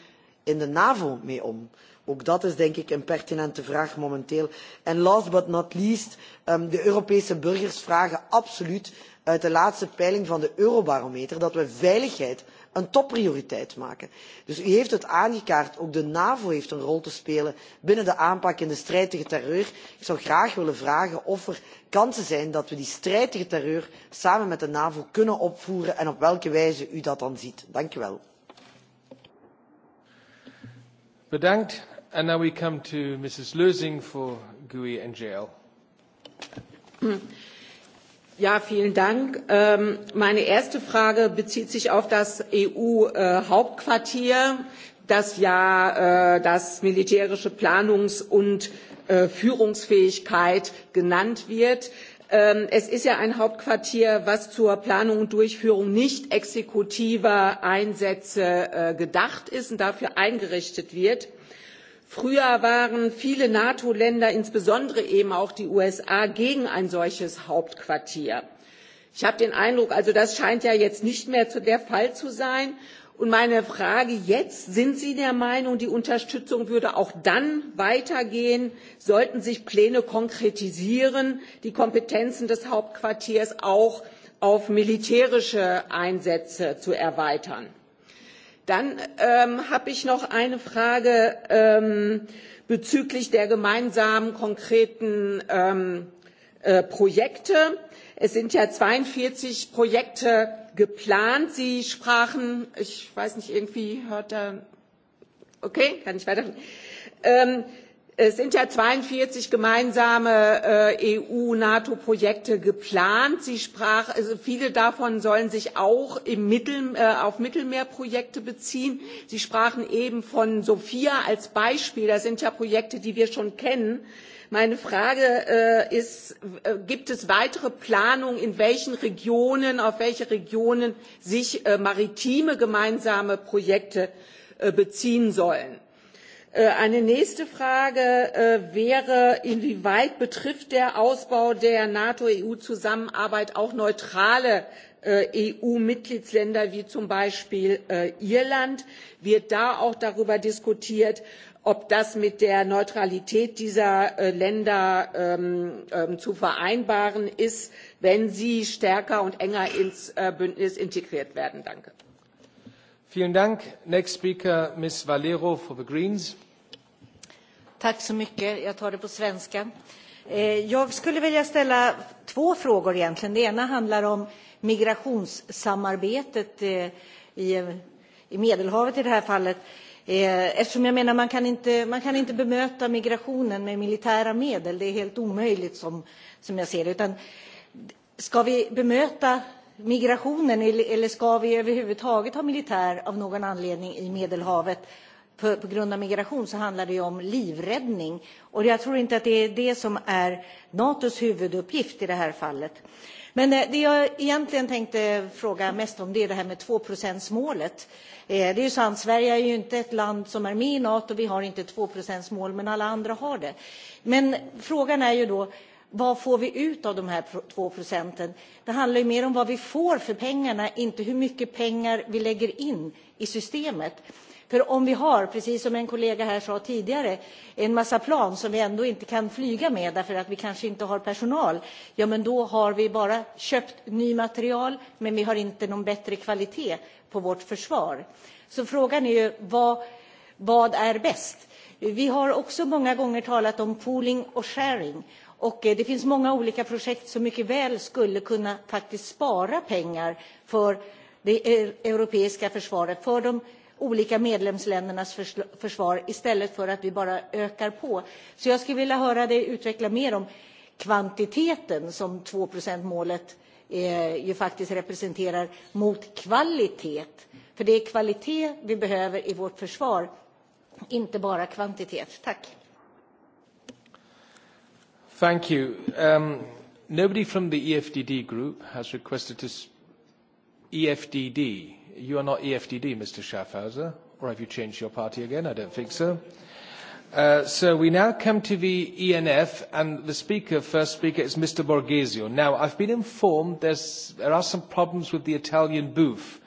in de NAVO mee om? Ook dat is denk ik een pertinente vraag momenteel. En last but not least, um, de Europese burgers vragen absoluut uit eh, de laatste peiling van de eurobarometer dat we veiligheid een topprioriteit maken. dus u heeft het aangekaart ook de navo heeft een rol te spelen binnen de aanpak en de strijd tegen terreur. ik zou graag willen vragen of er kansen zijn dat we die strijd tegen terreur samen met de navo kunnen opvoeren en op welke wijze u dat dan ziet. dank u wel. Bedankt. And now we come to Mrs. Lösing for GUI NGL. Ja, vielen Dank. Ähm, meine erste Frage bezieht sich auf das EU-Hauptquartier, äh, das ja äh, das militärische Planungs- und äh, Führungsfähigkeit genannt wird. Ähm, es ist ja ein Hauptquartier, was zur Planung und Durchführung nicht exekutiver Einsätze äh, gedacht ist und dafür eingerichtet wird früher waren viele nato länder insbesondere eben auch die usa gegen ein solches hauptquartier. ich habe den eindruck also das scheint ja jetzt nicht mehr der fall zu sein. und meine frage jetzt sind sie der meinung die unterstützung würde auch dann weitergehen sollten sich pläne konkretisieren die kompetenzen des hauptquartiers auch auf militärische einsätze zu erweitern? Dann ähm, habe ich noch eine Frage ähm, bezüglich der gemeinsamen konkreten ähm, äh, Projekte. Es sind ja 42 Projekte geplant. Sie sprachen, ich weiß nicht, irgendwie hört da, okay, kann ich weiter. Ähm, Es sind ja 42 gemeinsame äh, EU-NATO-Projekte geplant. Sie sprach, also viele davon sollen sich auch im Mittel, äh, auf Mittelmeerprojekte beziehen. Sie sprachen eben von Sophia als Beispiel. Das sind ja Projekte, die wir schon kennen. Meine Frage äh, ist, äh, gibt es weitere Planungen, in welchen Regionen, auf welche Regionen sich äh, maritime gemeinsame Projekte äh, beziehen sollen? Äh, eine nächste Frage äh, wäre, inwieweit betrifft der Ausbau der NATO-EU-Zusammenarbeit auch neutrale äh, EU-Mitgliedsländer wie zum Beispiel Irland? Wird da auch darüber diskutiert, ob das mit der Neutralität dieser Länder ähm, ähm, zu vereinbaren ist, wenn sie stärker und enger ins Bündnis integriert werden? Danke. Vielen Dank. Next speaker, Ms. Valero for the Greens. Tack så mycket. Jag tar det på svenska. Eh, jag skulle vilja ställa två frågor egentligen. Det ena handlar om migrationssamarbetet eh, i, i Medelhavet i det här fallet. Eh, eftersom jag menar man kan, inte, man kan inte bemöta migrationen med militära medel. Det är helt omöjligt som, som jag ser det. Utan ska vi bemöta migrationen eller ska vi överhuvudtaget ha militär av någon anledning i Medelhavet? På, på grund av migration så handlar det ju om livräddning. Och jag tror inte att det är det som är Natos huvuduppgift i det här fallet. Men eh, det jag egentligen tänkte fråga mest om det är det här med 2-procentsmålet. Eh, det är ju sant, Sverige är ju inte ett land som är med i Nato, vi har inte 2-procentsmål, men alla andra har det. Men frågan är ju då, vad får vi ut av de här två procenten? Det handlar ju mer om vad vi får för pengarna, inte hur mycket pengar vi lägger in i systemet. För om vi har, precis som en kollega här sa tidigare, en massa plan som vi ändå inte kan flyga med därför att vi kanske inte har personal, ja men då har vi bara köpt ny material men vi har inte någon bättre kvalitet på vårt försvar. Så frågan är ju vad, vad är bäst? Vi har också många gånger talat om pooling och sharing. Och eh, det finns många olika projekt som mycket väl skulle kunna faktiskt spara pengar för det eh, europeiska försvaret, för de olika medlemsländernas försvar istället för att vi bara ökar på. Så jag skulle vilja höra dig utveckla mer om kvantiteten som 2-procentsmålet eh, ju faktiskt representerar mot kvalitet. För det är kvalitet vi behöver i vårt försvar, inte bara kvantitet. Tack! Thank you. Um, nobody from the EFDD group has requested to... EFDD. You are not EFDD, Mr. Schaffhauser, or have you changed your party again? I don't think so. Uh, so we now come to the ENF, and the speaker, first speaker is Mr. Borghesio. Now, I've been informed there's, there are some problems with the Italian booth.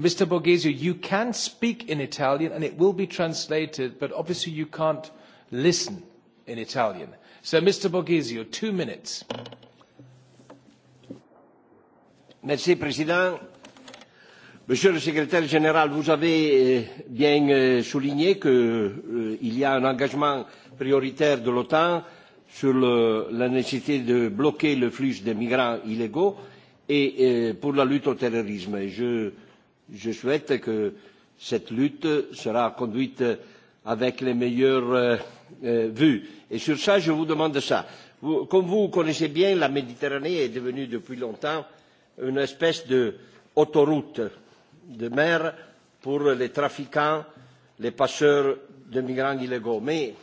Mr. Borghesio, you can speak in Italian, and it will be translated, but obviously you can't listen in Italian. So, Mr. Borghesio, two minutes. Merci, Président. Monsieur le secrétaire général, vous avez euh, bien euh, souligné qu'il euh, y a un engagement prioritaire de l'OTAN sur le, la nécessité de bloquer le flux des migrants illégaux et euh, pour la lutte au terrorisme. Je, je souhaite que cette lutte sera conduite euh, avec les meilleures euh, euh, vues. Et sur ça, je vous demande ça. Vous, comme vous connaissez bien, la Méditerranée est devenue depuis longtemps une espèce d'autoroute de, de mer pour les trafiquants, les passeurs de migrants illégaux. Mais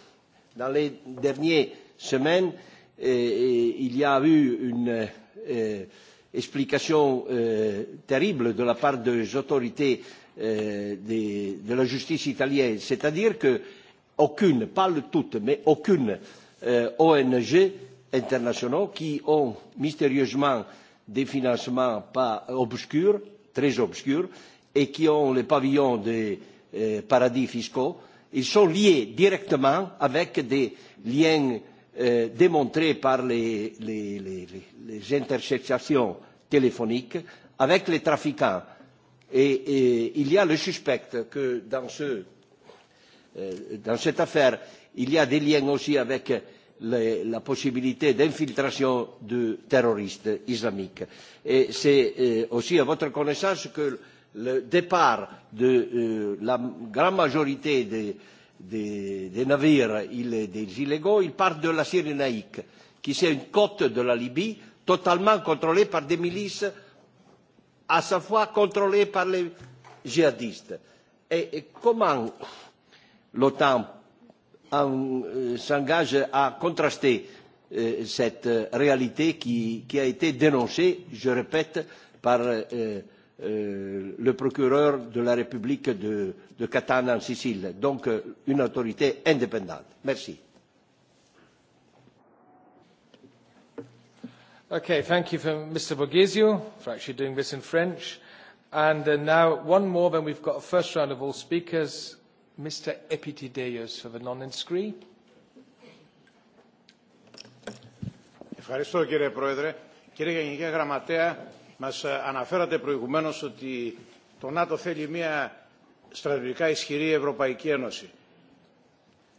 dans les dernières semaines, et, euh, et, euh, il y a eu une euh, explication euh, terrible de la part des autorités euh, des, de la justice italienne. C'est-à-dire qu'aucune, pas toutes, mais aucune euh, ONG internationale qui ont mystérieusement des financements pas obscurs, très obscurs, et qui ont le pavillon des euh, paradis fiscaux, ils sont liés directement avec des liens euh, démontrés par les, les, les, les interceptations téléphoniques avec les trafiquants Et, et il y a le suspect que dans, ce, euh, dans cette affaire, il y a des liens aussi avec les, la possibilité d'infiltration de terroristes islamiques. Et c'est euh, aussi à votre connaissance que le départ de euh, la grande majorité des, des, des navires il, des illégaux, il part de la Syrie naïque, qui c'est une côte de la Libye totalement contrôlée par des milices euh, à sa fois contrôlée par les djihadistes. Et, et comment l'OTAN euh, s'engage à contraster euh, cette réalité qui, qui a été dénoncée, je répète, par euh, euh, le procureur de la République de, de Catane en Sicile, donc euh, une autorité indépendante. Merci. Okay, thank you for Mr. Borghesio for actually doing this in French. And uh, now one more, then we've got a first round of all speakers. Mr. Epitideos for the non-inscree. Ευχαριστώ κύριε Πρόεδρε. Κύριε Γενική Γραμματέα, μας αναφέρατε προηγουμένως ότι το ΝΑΤΟ θέλει μια στρατιωτικά ισχυρή Ευρωπαϊκή Ένωση.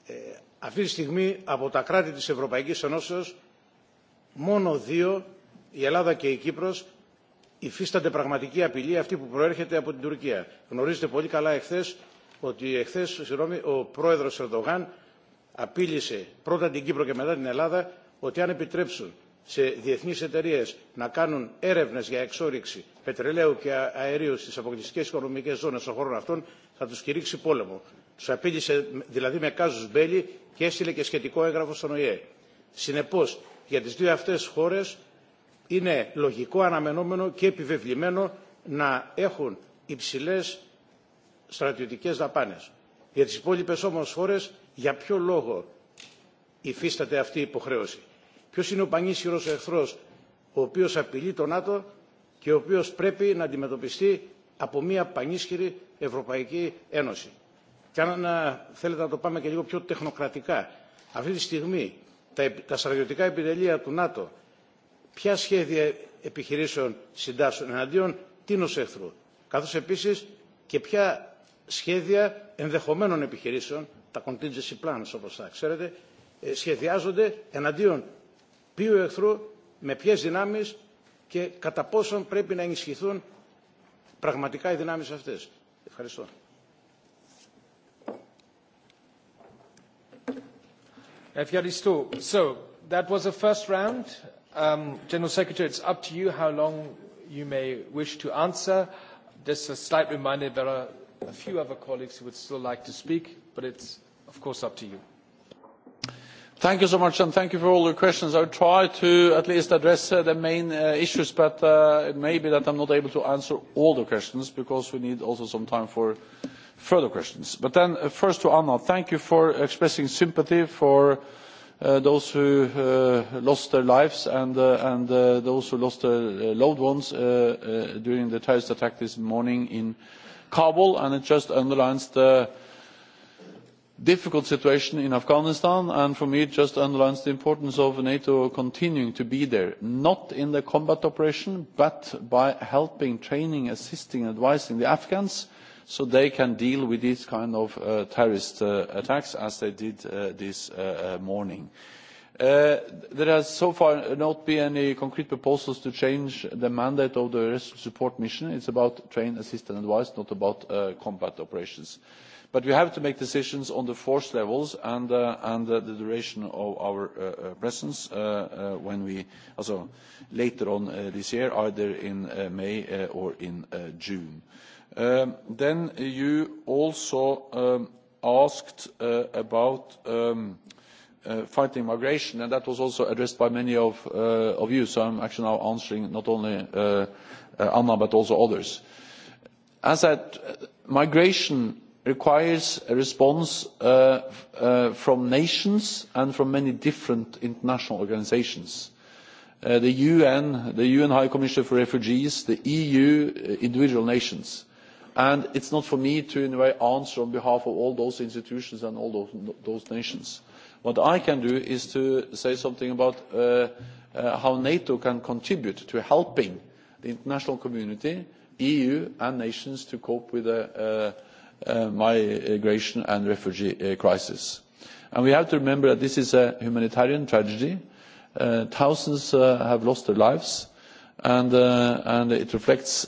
Ε, αυτή τη στιγμή από τα κράτη της Ευρωπαϊκής Ενώσεως μόνο δύο, η Ελλάδα και η Κύπρος, υφίστανται πραγματική απειλή αυτή που προέρχεται από την Τουρκία. Γνωρίζετε πολύ καλά εχθές ότι εχθές συγγνώμη, ο πρόεδρος Ερντογάν απείλησε πρώτα την Κύπρο και μετά την Ελλάδα ότι αν επιτρέψουν σε διεθνείς εταιρείες να κάνουν έρευνες για εξόριξη πετρελαίου και αερίου στις αποκλειστικές οικονομικές ζώνες των χωρών αυτών θα τους κηρύξει πόλεμο. Τους απείλησε δηλαδή με κάζους μπέλη και έστειλε και σχετικό έγγραφο στον ΟΗΕ. Συνεπώς για τις δύο αυτές χώρες είναι λογικό, αναμενόμενο και επιβεβλημένο να έχουν υψηλές στρατιωτικές δαπάνες. Για τις υπόλοιπες όμως χώρες για ποιο λόγο υφίσταται αυτή η υποχρέωση. Ποιος είναι ο πανίσχυρος εχθρός ο οποίος απειλεί τον ΝΑΤΟ και ο οποίος πρέπει να αντιμετωπιστεί από μια πανίσχυρη Ευρωπαϊκή Ένωση. Και αν θέλετε να το πάμε και λίγο πιο τεχνοκρατικά, αυτή τη στιγμή τα, τα στρατιωτικά επιτελεία του ΝΑΤΟ ποια σχέδια επιχειρήσεων συντάσσουν εναντίον τίνος εχθρού, καθώς επίσης και ποια σχέδια ενδεχομένων επιχειρήσεων, τα contingency plans όπως τα ξέρετε, σχεδιάζονται εναντίον ποιου εχθρού, με ποιες δυνάμεις και κατά πόσον πρέπει να ενισχυθούν πραγματικά οι δυνάμεις αυτές. Ευχαριστώ. Evgaristo, so that was the first round. Um, General Secretary, it's up to you how long you may wish to answer. Just a slight reminder, there are a few other colleagues who would still like to speak, but it's, of course, up to you. Thank you so much, and thank you for all your questions. I'll try to at least address uh, the main uh, issues, but uh, it may be that I'm not able to answer all the questions because we need also some time for further questions. But then, uh, first to Anna, thank you for expressing sympathy for uh, those who uh, lost their lives and, uh, and uh, those who lost their uh, loved ones uh, uh, during the terrorist attack this morning in Kabul, and it just underlines the difficult situation in Afghanistan, and for me it just underlines the importance of NATO continuing to be there, not in the combat operation, but by helping, training, assisting, advising the Afghans so they can deal with these kind of uh, terrorist uh, attacks as they did uh, this uh, uh morning. Uh, there has so far not been any concrete proposals to change the mandate of the rescue support mission. It's about train, assist and advise, not about uh, combat operations. But we have to make decisions on the force levels and, uh, and uh, the duration of our uh, uh presence uh, uh, when we, also later on uh, this year, either in uh, May uh, or in uh, June. Uh, Um, then you also um, asked uh, about um, uh, fighting migration, and that was also addressed by many of, uh, of you, so I'm actually now answering not only uh, uh, Anna but also others. As that uh, migration requires a response uh, uh, from nations and from many different international organizations. Uh, the UN, the UN High Commissioner for Refugees, the EU, uh, individual nations and it is not for me to in a way answer on behalf of all those institutions and all those, those nations. what i can do is to say something about uh, uh, how nato can contribute to helping the international community eu and nations to cope with the uh, uh, uh, migration and refugee uh, crisis. And we have to remember that this is a humanitarian tragedy. thousands have lost their lives and, and it reflects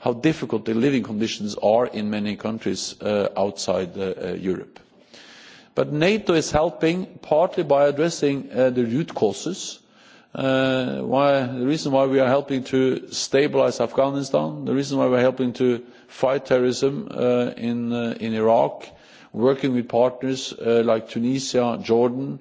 how difficult the living conditions are in many countries uh, outside uh, uh, Europe. But NATO is helping partly by addressing uh, the root causes. Uh, why, the reason why we are helping to stabilize Afghanistan, the reason why we are helping to fight terrorism uh, in, uh, in Iraq, working with partners uh, like Tunisia, Jordan,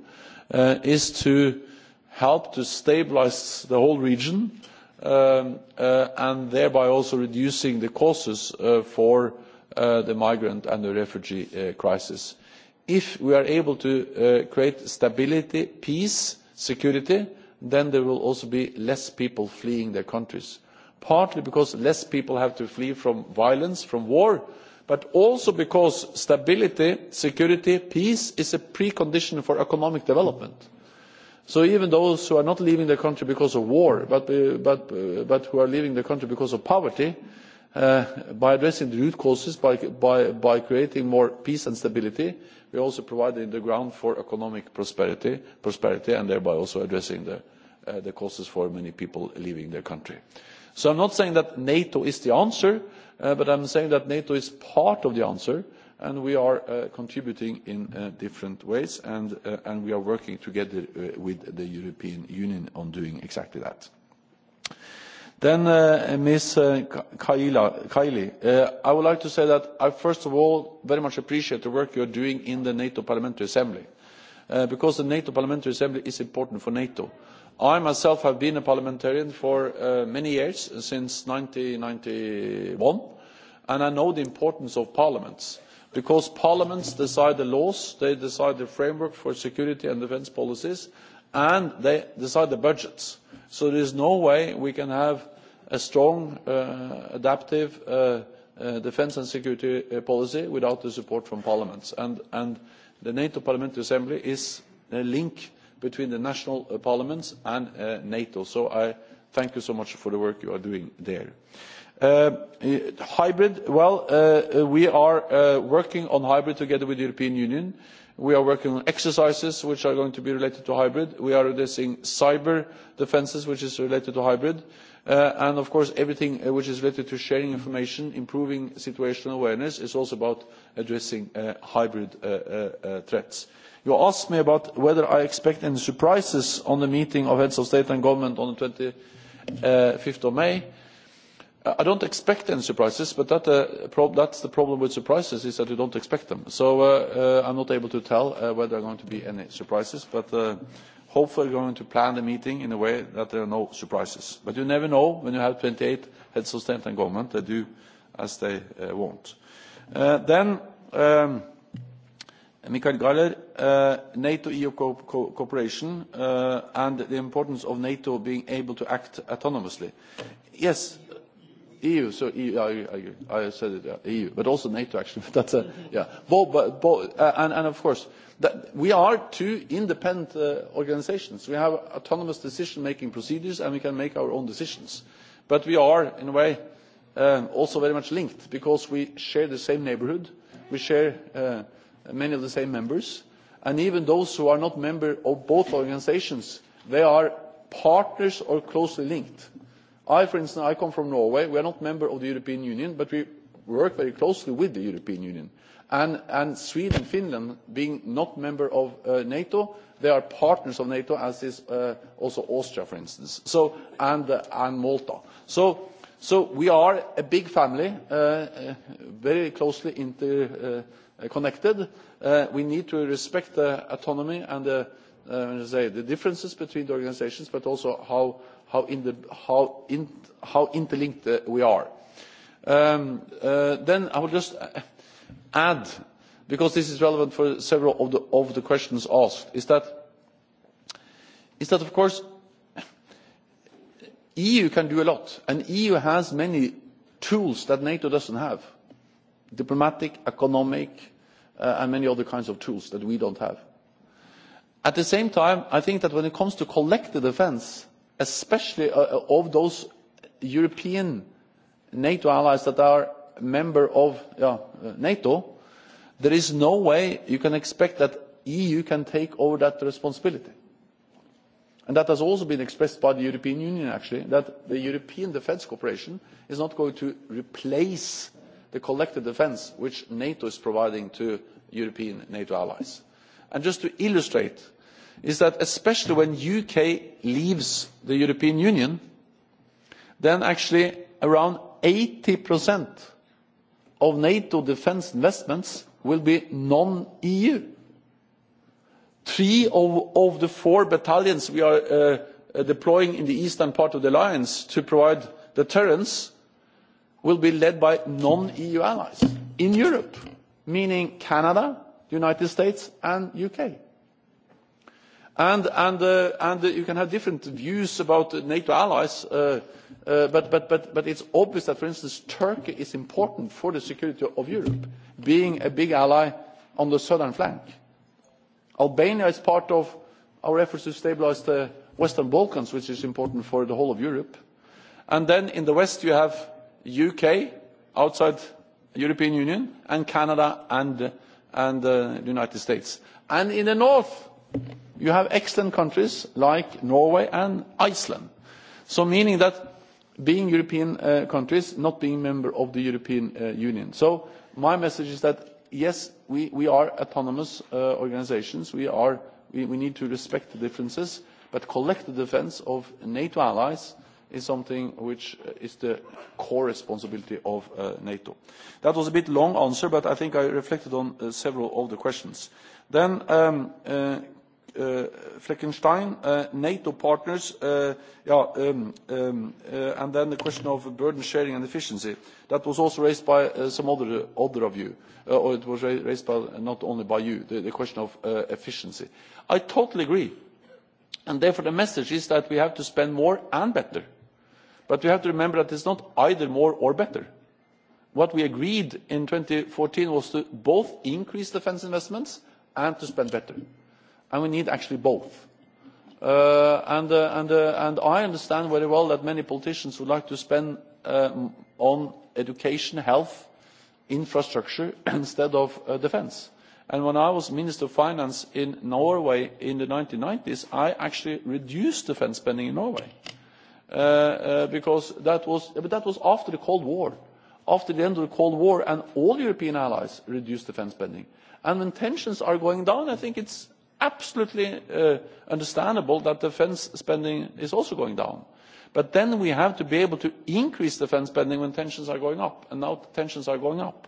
uh, is to help to stabilize the whole region uh, um, uh, and thereby also reducing the causes uh, for uh, the migrant and the refugee uh, crisis. If we are able to uh, create stability, peace, security, then there will also be less people fleeing their countries. Partly because less people have to flee from violence, from war, but also because stability, security, peace is a precondition for economic development. Mm -hmm so even those who are not leaving the country because of war but, uh, but, uh, but who are leaving the country because of poverty uh, by addressing the root causes by, by, by creating more peace and stability we are also providing the ground for economic prosperity, prosperity and thereby also addressing the, uh, the causes for many people leaving their country. so i am not saying that nato is the answer uh, but i am saying that nato is part of the answer and we are uh, contributing in uh, different ways, and, uh, and we are working together uh, with the European Union on doing exactly that. Then, uh, Ms. Uh, Kaili, uh, I would like to say that I first of all very much appreciate the work you're doing in the NATO Parliamentary Assembly, uh, because the NATO Parliamentary Assembly is important for NATO. I myself have been a parliamentarian for uh, many years, uh, since 1991, and I know the importance of parliaments because parliaments decide the laws they decide the framework for security and defence policies and they decide the budgets so there is no way we can have a strong uh, adaptive uh, uh, defence and security uh, policy without the support from parliaments and, and the nato parliamentary assembly is a link between the national uh, parliaments and uh, nato so i thank you so much for the work you are doing there. Uh, hybrid, well, uh, we are uh, working on hybrid together with the European Union. We are working on exercises which are going to be related to hybrid. We are addressing cyber defenses, which is related to hybrid. Uh, and of course, everything uh, which is related to sharing information, improving situational awareness, is also about addressing uh, hybrid uh, uh, uh, threats. You asked me about whether I expect any surprises on the meeting of heads of state and government on the 25th uh, of May. Uh, I don't expect any surprises, but that, uh, prob that's the problem with surprises, is that you don't expect them. So uh, uh, I'm not able to tell uh, whether there are going to be any surprises, but uh, hopefully we're going to plan the meeting in a way that there are no surprises. But you never know when you have 28 heads of state and government, they do as they uh, want. Uh, then, um, Michael Gahler, uh, NATO-EU co co cooperation uh, and the importance of NATO being able to act autonomously. Yes, EU, so EU, I, I, I said it, yeah, EU, but also NATO actually. But that's a, yeah. Bo, bo, bo, uh, and, and of course, that we are two independent uh, organizations. We have autonomous decision-making procedures and we can make our own decisions. But we are, in a way, um, also very much linked because we share the same neighborhood, we share uh, many of the same members, and even those who are not members of both organizations, they are partners or closely linked. Uh, I, for instance, I come from Norway. We are not member of the European Union, but we work very closely with the European Union. And, and Sweden and Finland, being not member of uh, NATO, they are partners of NATO, as is uh, also Austria, for instance, so, and, uh, and Malta. So, so we are a big family, uh, uh very closely interconnected. Uh, uh, we need to respect the autonomy and the, uh, say, the differences between the organizations, but also how how, in the, how, in, how interlinked uh, we are. Um, uh, then I will just uh, add, because this is relevant for several of the, of the questions asked, is that, is that of course EU can do a lot, and EU has many tools that NATO doesn't have, diplomatic, economic, uh, and many other kinds of tools that we don't have. At the same time, I think that when it comes to collective defense, especially uh, uh, of those European NATO allies that are member of uh, NATO, there is no way you can expect that EU can take over that responsibility. And that has also been expressed by the European Union, actually, that the European Defence Cooperation is not going to replace the collective defence which NATO is providing to European NATO allies. And just to illustrate is that especially when the uk leaves the european union then actually around eighty of nato defence investments will be non eu. three of the four battalions we are uh, uh, deploying in the eastern part of the alliance to provide deterrence will be led by non eu allies in europe meaning canada the united states and the and, and, uh, and you can have different views about nato allies uh, uh, but, but, but, but it is obvious that for instance turkey is important for the security of europe being a big ally on the southern flank. albania is part of our efforts to stabilise the western balkans which is important for the whole of europe and then in the west you have the uk outside the european union and canada and uh, the and, united states and in the north You have excellent countries like Norway and Iceland. So meaning that being European uh, countries, not being member of the European uh, Union. So my message is that yes, we, we are autonomous uh, organizations. We, are, we, we need to respect the differences, but collective defense of NATO allies is something which uh, is the core responsibility of uh, NATO. That was a bit long answer, but I think I reflected on uh, several of the questions. Then um, uh, uh, Fleckenstein, uh, NATO partners, uh, eh, yeah, um, um, uh, and then the question of burden sharing and efficiency. That was also raised by uh, some other, other of you, uh, or it was raised by, not only by you, the, the question of uh, efficiency. I totally agree. And therefore the message is that we have to spend more and better. But we have to remember that it's not either more or better what we agreed in two thousand and fourteen was to both increase defence investments and to spend better and we need actually both. Uh, and, uh, and, uh, and i understand very well that many politicians would like to spend um, on education health infrastructure instead of uh, defence and when i was minister of finance in norway in the one thousand nine hundred and ninety s i actually reduced defence spending in norway uh, because that was but that was after the cold war after the end of the cold war and all european allies reduced defence spending and when tensions are going down i think it's absolutely uh, understandable that defence spending is also going down. But then we have to be able to increase defence spending when tensions are going up, and now tensions are going up.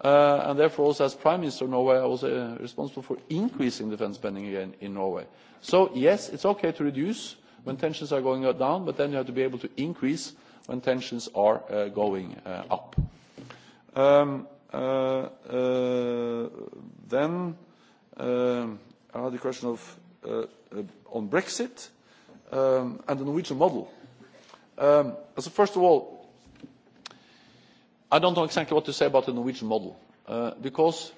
Uh, and therefore, also as Prime Minister of Norway, I was uh, responsible for increasing defence spending again in Norway. So yes, it's okay to reduce when tensions are going down, but then you have to be able to increase when tensions are uh, going uh, up. Um, uh, uh, then. Um, uh, the question of uh, uh, on Brexit um, and the Norwegian model. Um, so first of all, I don't know exactly what to say about the Norwegian model uh, because,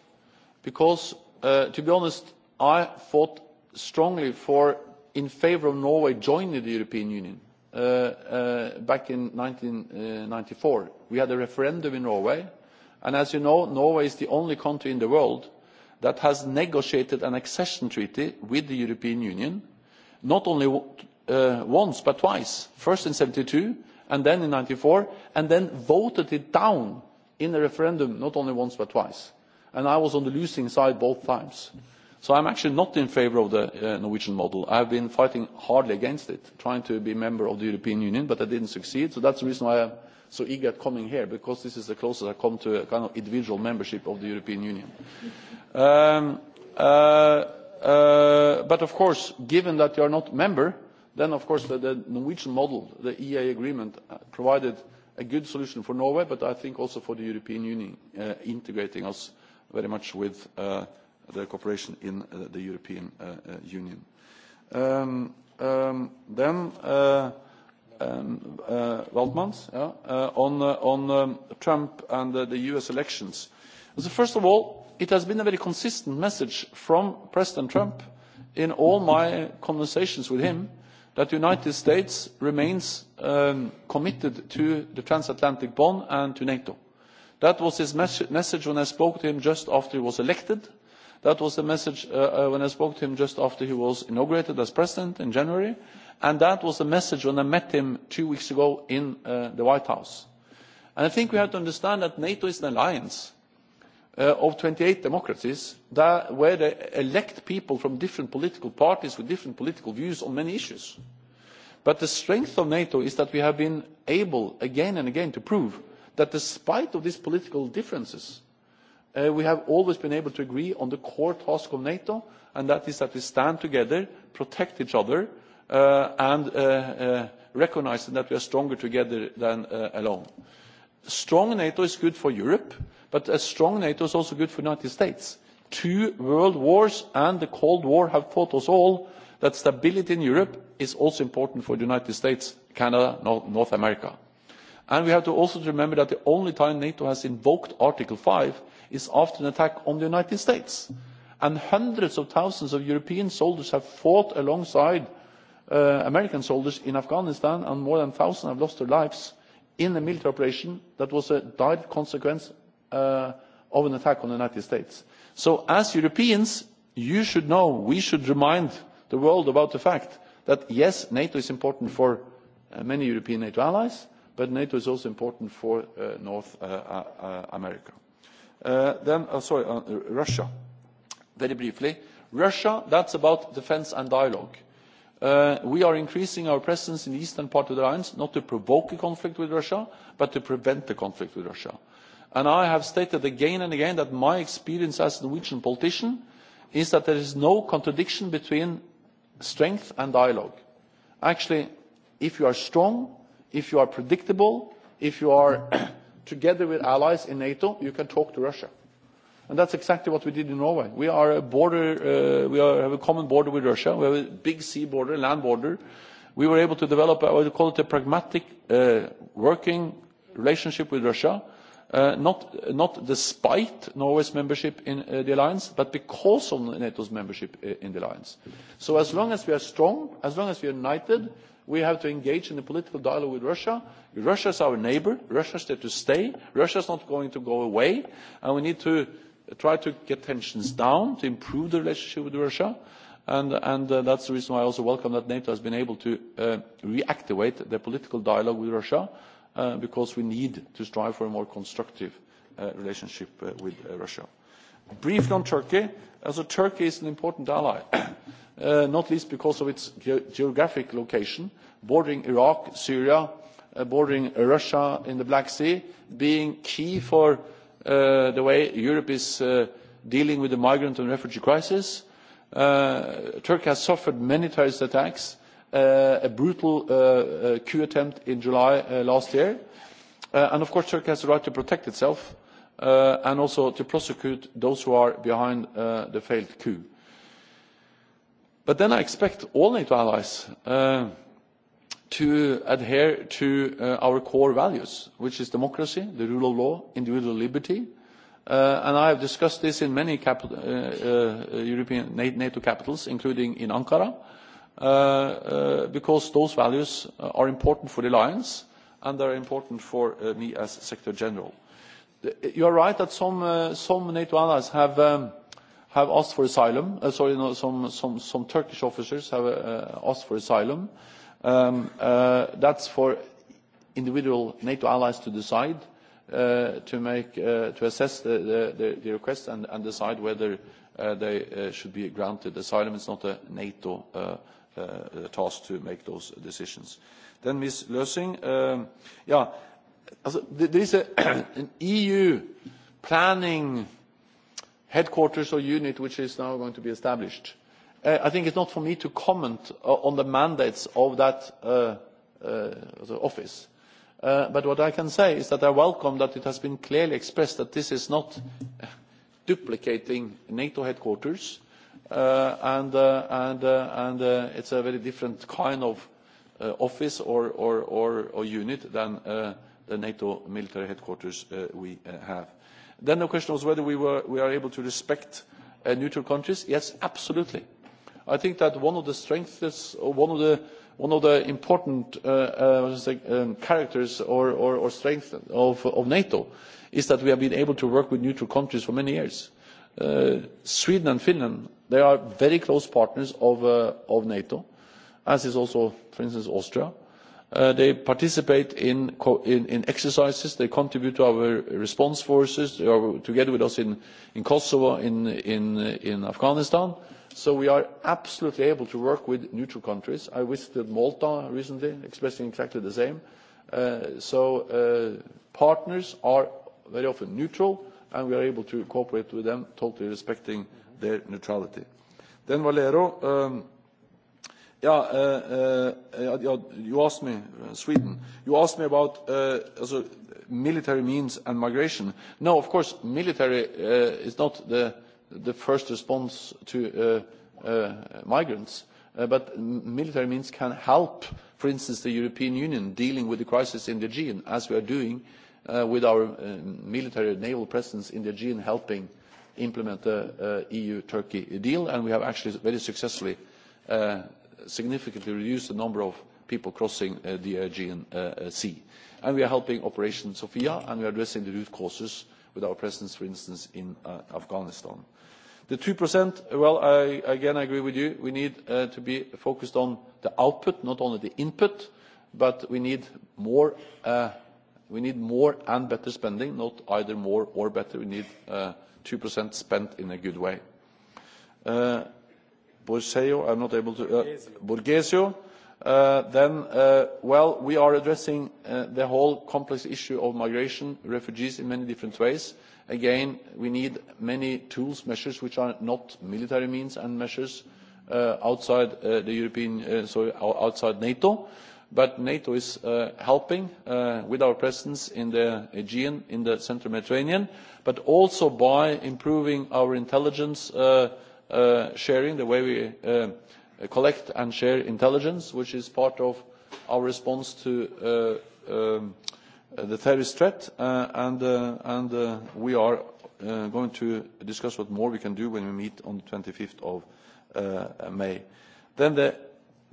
because uh, to be honest, I fought strongly for in favour of Norway joining the European Union uh, uh, back in 1994. Uh, We had a referendum in Norway, and as you know, Norway is the only country in the world that has negotiated an accession treaty with the european union not only uh, once but twice first in one thousand nine hundred and seventy two and then in one thousand nine hundred and ninety four and then voted it down in a referendum not only once but twice and i was on the losing side both times. so i am actually not in favour of the uh, norwegian model. i have been fighting hard against it trying to be a member of the european union but i did not succeed so that is the reason so eager coming here because this is the closest I come to a kind of individual membership of the European Union. Um, uh, uh, but of course, given that you are not a member, then of course the, the Norwegian model, the EA agreement, uh, provided a good solution for Norway, but I think also for the European Union, uh, integrating us very much with uh, the cooperation in uh, the European uh, uh, Union. Um, um, then. Uh, um, uh, Waldmans yeah, uh, on, uh, on um, Trump and uh, the US elections. So first of all, it has been a very consistent message from President Trump in all my conversations with him that the United States remains um, committed to the transatlantic bond and to NATO. That was his mes message when I spoke to him just after he was elected. That was the message uh, uh when I spoke to him just after he was inaugurated as president in January. Uh, and that was the message when i met him two weeks ago in uh, the white house. And i think we have to understand that nato is an alliance uh, of twenty eight democracies that, where they elect people from different political parties with different political views on many issues. but the strength of nato is that we have been able again and again to prove that despite these political differences uh, we have always been able to agree on the core task of nato and that is that we stand together protect each other uh, and uh, uh, recognizing that we are stronger together than uh, alone. Strong NATO is good for Europe, but a strong NATO is also good for the United States. Two world wars and the Cold War have taught us all that stability in Europe is also important for the United States, Canada, North America. And we have to also remember that the only time NATO has invoked Article 5 is after an attack on the United States. And hundreds of thousands of European soldiers have fought alongside uh, American soldiers in Afghanistan, and more than 1,000 have lost their lives in a military operation that was a direct consequence uh, of an attack on the United States. So as Europeans, you should know, we should remind the world about the fact that yes, NATO is important for uh, many European NATO allies, but NATO is also important for uh, North uh, uh, America. Uh, then, uh, sorry, uh, Russia. Very briefly, Russia, that's about defense and dialogue. Uh, Uh, we are increasing our presence in the eastern part of the alliance not to provoke a conflict with russia but to prevent a conflict with russia. And i have stated again and again that my experience as a norwegian politician is that there is no contradiction between strength and dialogue. actually if you are strong if you are predictable if you are together with allies in nato you can talk to russia. And that's exactly what we did in Norway. We are a border, uh, we are, have a common border with Russia. We have a big sea border, land border. We were able to develop, I would call it a pragmatic uh, working relationship with Russia, uh, not, not despite Norway's membership in uh, the alliance, but because of NATO's membership uh, in the alliance. So as long as we are strong, as long as we are united, we have to engage in a political dialogue with russia. russia is our neighbour. russia is there to stay. russia is not going to go away. and we need to try to get tensions down to improve the relationship with russia and, and uh, that's the reason why i also welcome that nato has been able to uh, reactivate the political dialogue with russia uh, because we need to strive for a more constructive uh, relationship uh, with uh, russia. briefly on turkey also turkey is an important ally uh, not least because of its ge geographic location bordering iraq syria uh, bordering russia in the black sea being key for uh, uh, the way Europe is uh, dealing with the migrant and refugee crisis. Uh, Turkey has suffered many terrorist attacks, uh, a brutal uh, uh, coup attempt in July uh, last year. Uh, and of course, Turkey has the right to protect itself uh, and also to prosecute those who are behind uh, the failed coup. But then I expect all NATO allies uh, to adhere to uh, our core values, which is democracy, the rule of law, individual liberty. Uh, and I have discussed this in many capital, uh, uh, European NATO capitals, including in Ankara, uh, uh, because those values uh, are important for the alliance and they're important for uh, me as Secretary General. You are right that some, uh, some NATO allies have, um, have asked for asylum. Uh, sorry, no, some, some, some Turkish officers have uh, asked for asylum. Uh, Um, uh, that's for individual NATO allies to decide, uh, to, make, uh, to assess the, the, the request and, and decide whether uh, they uh, should be granted asylum. It's not a NATO uh, uh, task to make those decisions. Then Ms. Lösing, um, yeah, also, there is a, an EU planning headquarters or unit which is now going to be established. Uh, Uh, I think it's not for me to comment uh, on the mandates of that uh, uh, office. Uh, but what I can say is that I welcome that it has been clearly expressed that this is not duplicating NATO headquarters, uh, and, uh, and, uh, and uh, it's a very different kind of uh, office or, or, or, or unit than uh, the NATO military headquarters uh, we uh, have. Then the question was whether we, were, we are able to respect uh, neutral countries. Yes, absolutely. Uh, i think that one of the strengths one of the one of the important uh, uh, say, um, characters or, or, or strengths of, of NATO is that we have been able to work with neutral countries for many years. Uh, Sweden and Finland, they are very close partners of, uh, of NATO, as is also, for instance, Austria. Uh, Uh, they participate in, in, in exercises they contribute to our response forces they are together with us in, in kosovo in afghanistan so we are absolutely able to work with neutral countries. i visited malta recently expressing exactly the same. Uh, so uh, partners are very often neutral and we are able to cooperate with them totally respecting their neutrality. then valero um, Yeah, uh, uh, you asked me, eh, Sweden, you asked me about uh, also military means and migration. No, of course, military eh, is not the, the first response to migrants, but military means can help, for instance, the European Union dealing with the crisis in the Aegean, as we are doing with our military naval presence in the Aegean, helping implement the EU-Turkey e deal, and we have actually very successfully Uh, significantly reduce the number of people crossing uh, the Aegean uh, uh, Sea. And we are helping Operation Sophia, and we are addressing the root causes with our presence, for instance, in uh, Afghanistan. The 2%, well, I again I agree with you. We need uh, to be focused on the output, not only the input, but we need more, uh, we need more and better spending, not either more or better. We need uh, 2% spent in a good way. Uh, Borgesio, I'm not able to, uh, Borgesio, uh, then, uh, well, we are addressing uh, the whole complex issue of migration, refugees in many different ways. Again, we need many tools, measures which are not military means and measures uh, outside uh, the European, uh, sorry, outside NATO. But NATO is uh, helping uh, with our presence in the Aegean, in the Central Mediterranean, but also by improving our intelligence uh, uh, sharing, the way we uh, collect and share intelligence, which is part of our response to uh, um, the terrorist threat. Uh, and uh, and uh, we are uh, going to discuss what more we can do when we meet on the 25th of uh, May. Then the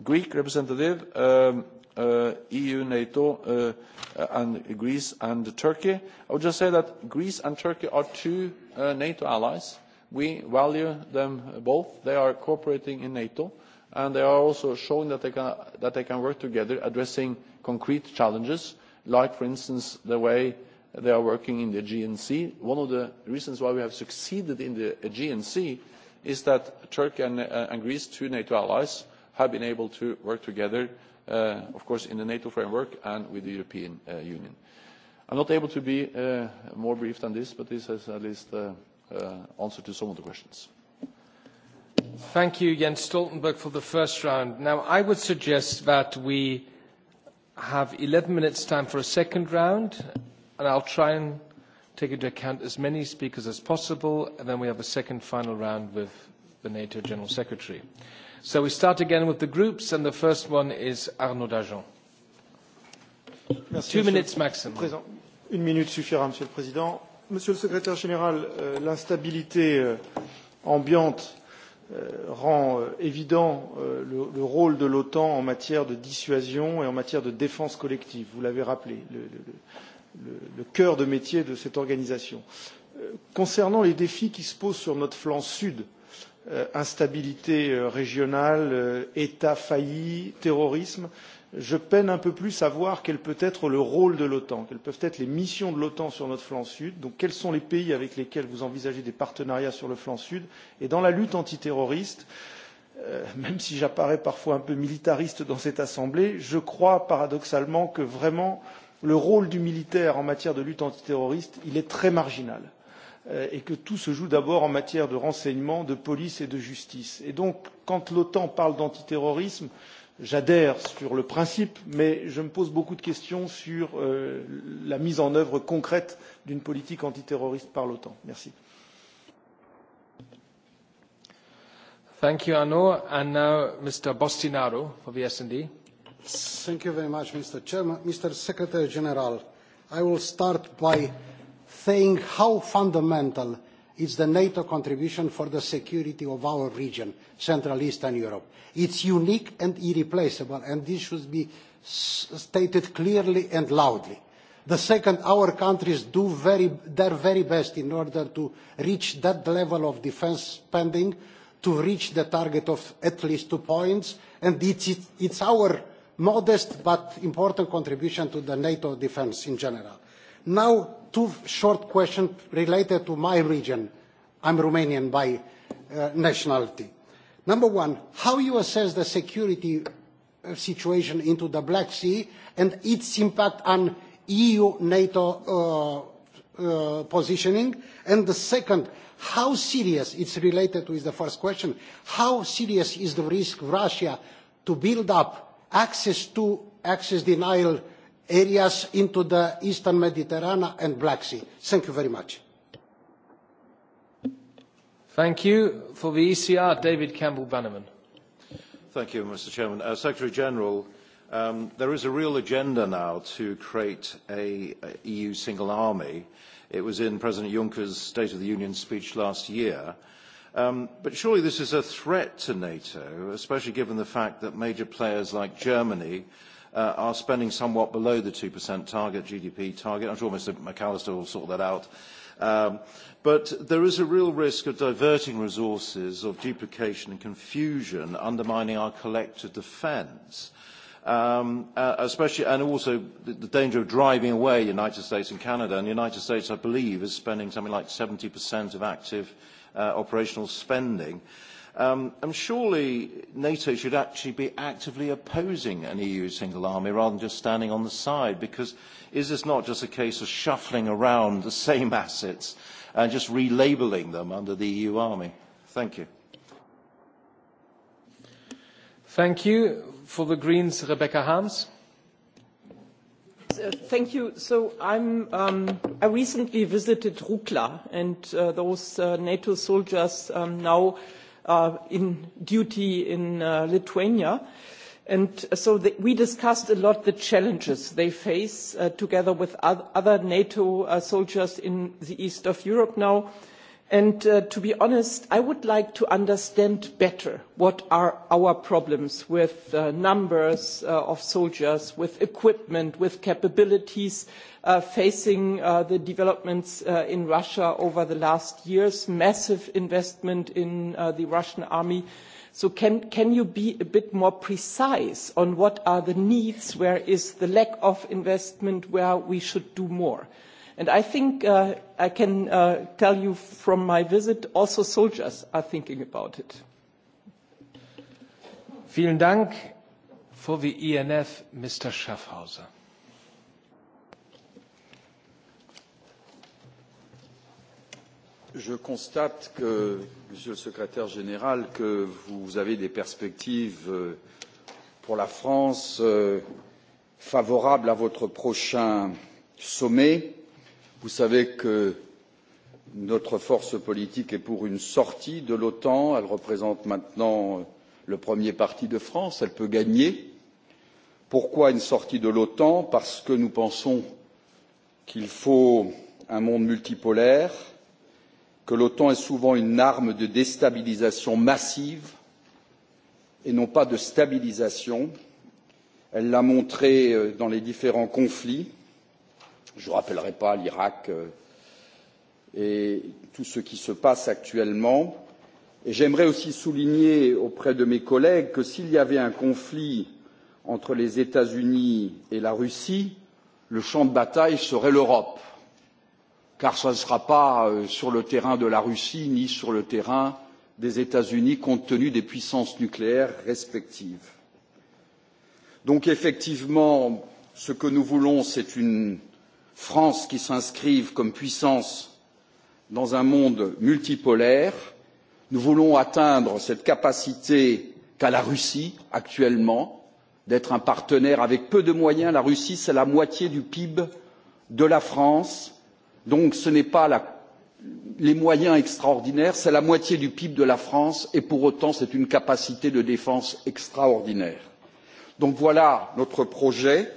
Greek representative, um, uh, EU, NATO, uh, and Greece and Turkey. I would just say that Greece and Turkey are two uh, NATO allies We value them both. They are cooperating in NATO, and they are also showing that they can, that they can work together addressing concrete challenges, like, for instance, the way they are working in the GNC. One of the reasons why we have succeeded in the GNC is that Turkey and, uh, and Greece, two NATO allies, have been able to work together, uh, of course, in the NATO framework and with the European uh, Union. I'm not able to be uh, more brief than this, but this has at least uh, uh, answer to some of the questions. Thank you, Jens Stoltenberg, for the first round. Now, I would suggest that we have 11 minutes time for a second round, and I'll try and take into account as many speakers as possible, and then we have a second final round with the NATO General Secretary. So we start again with the groups, and the first one is Arnaud Dajon. Merci, Two minutes maximum. Présent. Une minute suffira, Monsieur le Président Monsieur le secrétaire général, euh, l'instabilité euh, ambiante euh, rend évident le rôle de l'OTAN en matière de dissuasion et en matière de défense collective. Vous l'avez rappelé, le, le, le cœur de métier de cette organisation. Concernant les défis qui se posent sur notre flanc sud, instabilité régionale, État failli, terrorisme, je peine un peu plus à voir quel peut être le rôle de l'OTAN, quelles peuvent être les missions de l'OTAN sur notre flanc sud, donc quels sont les pays avec lesquels vous envisagez des partenariats sur le flanc sud, et dans la lutte antiterroriste, euh, même si j'apparais parfois un peu militariste dans cette assemblée, je crois paradoxalement que vraiment le rôle du militaire en matière de lutte antiterroriste, il est très marginal euh, et que tout se joue d'abord en matière de renseignement, de police et de justice. Et donc, quand l'OTAN parle d'antiterrorisme, euh, J'adhère sur le principe, mais je me pose beaucoup de questions sur euh, la mise en œuvre concrète d'une politique antiterroriste par l'OTAN. Merci. Thank you, Arnaud. And now Mr. Bostinaro for the S&D. Thank you very much, Mr. Chairman. Mr. Secretary General, I will start by saying how fundamental It's the NATO contribution for the security of our region, Central Eastern Europe. It's unique and irreplaceable, and this should be stated clearly and loudly. The second, our countries do very, their very best in order to reach that level of defense spending, to reach the target of at least two points, and it's, it's our modest but important contribution to the NATO defense in general. Now, two short questions related to my region. I'm Romanian by uh, nationality. Number one, how you assess the security uh, situation into the Black Sea and its impact on EU-NATO uh, uh, positioning? And the second, how serious, it's related with the first question, how serious is the risk Russia to build up access to access denial areas into the eastern Mediterranean and Black Sea. Thank you very much. Thank you. For the ECR, David Campbell-Bannerman. Thank you, Mr Chairman. Uh, Secretary General, um, there is a real agenda now to create a, a EU single army. It was in President Juncker's State of the Union speech last year. Um, but surely this is a threat to NATO, especially given the fact that major players like Germany uh, are spending somewhat below the 2% target, GDP target. I'm sure Mr. McAllister will sort that out. Um, but there is a real risk of diverting resources, of duplication and confusion, undermining our collective defence. Um, uh, especially, and also the, the danger of driving away the United States and Canada. And the United States, I believe, is spending something like 70% of active uh, operational spending. Uh, Um, and surely NATO should actually be actively opposing an EU single army rather than just standing on the side, because is this not just a case of shuffling around the same assets and just relabeling them under the EU army? Thank you. Thank you. For the Greens, Rebecca Harms. Uh, thank you. So I'm, um, I recently visited Rukla, and uh, those uh, NATO soldiers um, now uh, in duty in uh, Lithuania. And so the, we discussed a lot the challenges they face uh, together with other NATO uh, soldiers in the east of Europe now. Uh, And uh, to be honest, I would like to understand better what are our problems with uh, numbers uh, of soldiers, with equipment, with capabilities uh, facing uh, the developments uh, in Russia over the last years, massive investment in uh, the Russian army. So can, can you be a bit more precise on what are the needs, where is the lack of investment, where we should do more? Uh, And I think uh, I can uh, tell you from my visit, also soldiers are thinking about it. Vielen Dank. For the ENF, Mr. Schaffhauser. Je constate que, Monsieur le Secrétaire général, que vous avez des perspectives euh, pour la France euh, favorables à votre prochain sommet vous savez que notre force politique est pour une sortie de l'otan elle représente maintenant le premier parti de france elle peut gagner. pourquoi une sortie de l'otan? parce que nous pensons qu'il faut un monde multipolaire que l'otan est souvent une arme de déstabilisation massive et non pas de stabilisation elle l'a montré euh, dans les différents conflits Je ne rappellerai pas l'Irak euh, et tout ce qui se passe actuellement. Et j'aimerais aussi souligner auprès de mes collègues que s'il y avait un conflit entre les États Unis et la Russie, le champ de bataille serait l'Europe, car ce ne sera pas euh, sur le terrain de la Russie ni sur le terrain des États Unis, compte tenu des puissances nucléaires respectives. Donc effectivement, ce que nous voulons, c'est une France qui s'inscrive comme puissance dans un monde multipolaire. Nous voulons atteindre cette capacité qu'a la Russie actuellement d'être un partenaire avec peu de moyens. La Russie, c'est la moitié du PIB de la France, donc ce n'est pas la les moyens extraordinaires c'est la moitié du pib de la france et pour autant c'est une capacité de défense extraordinaire. donc voilà notre projet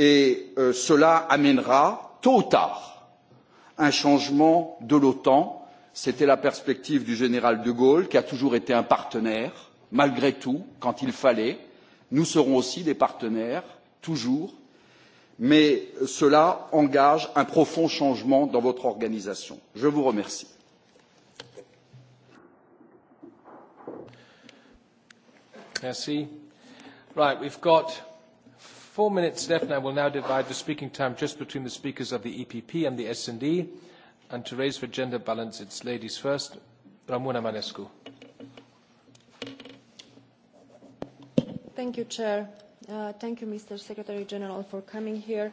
et euh, cela amènera tôt ou tard un changement de l'otan c'était la perspective du général de gaulle qui a toujours été un partenaire malgré tout quand il fallait nous serons aussi des partenaires toujours mais cela engage un profond changement dans votre organisation. je vous remercie. Merci. Right, we've got four minutes left, and I will now divide the speaking time just between the speakers of the EPP and the S&D. And to raise for gender balance, it's ladies first. Ramona Manescu. Thank you, Chair. Uh, thank you, Mr. Secretary General, for coming here.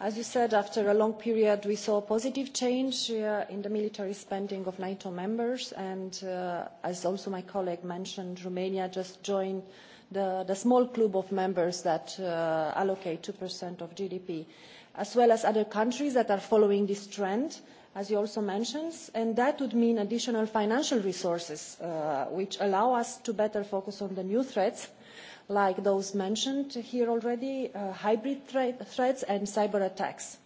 As you said, after a long period, we saw positive change uh, in the military spending of NATO members, and uh, as also my colleague mentioned, Romania just joined uh, the, the small club of members that uh, allocate 2% of GDP, as well as other countries that are following this trend, as you also mentioned, and that would mean additional financial resources, uh, which allow us to better focus on the new threats, like those mentioned here already, uh, hybrid threats and cyber attacks.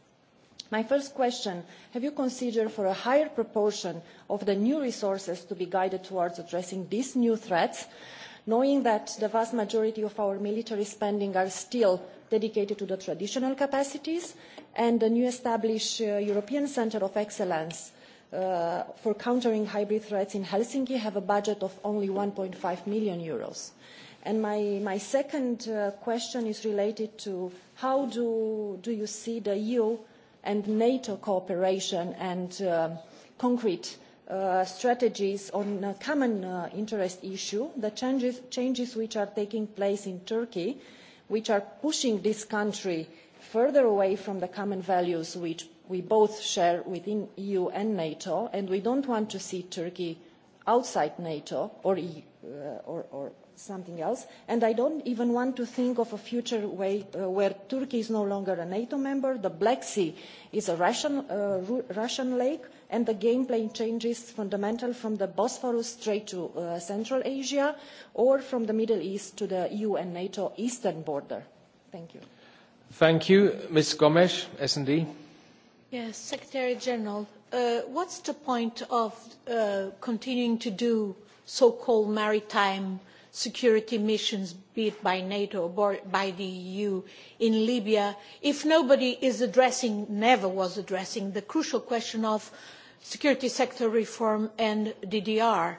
My first question, have you considered for a higher proportion of the new resources to be guided towards addressing these new threats knowing that the vast majority of our military spending are still dedicated to the traditional capacities and the newly established uh, European Centre of Excellence uh, for countering hybrid threats in Helsinki have a budget of only 1.5 million euros. And my, my second uh, question is related to how do, do you see the EU and NATO cooperation and uh, concrete uh, uh, strategies on a common uh, interest issue, the changes, changes which are taking place in Turkey, which are pushing this country further away from the common values which we both share within EU and NATO, and we don't want to see Turkey outside NATO or, EU, uh, or, or something else. And I don't even want to think of a future way uh, where Turkey is no longer a NATO member, the Black Sea is a Russian, uh, Ru Russian lake, and the game plan changes fundamentally from the Bosphorus trade to uh, Central Asia or from the Middle East to the EU and NATO eastern border. Thank you. Thank you. Ms. Gomes, S&D. Yes, Secretary General, uh, what's the point of uh, continuing to do so-called maritime security missions, be it by NATO or by the EU in Libya, if nobody is addressing, never was addressing, the crucial question of uh, security sector reform and DDR.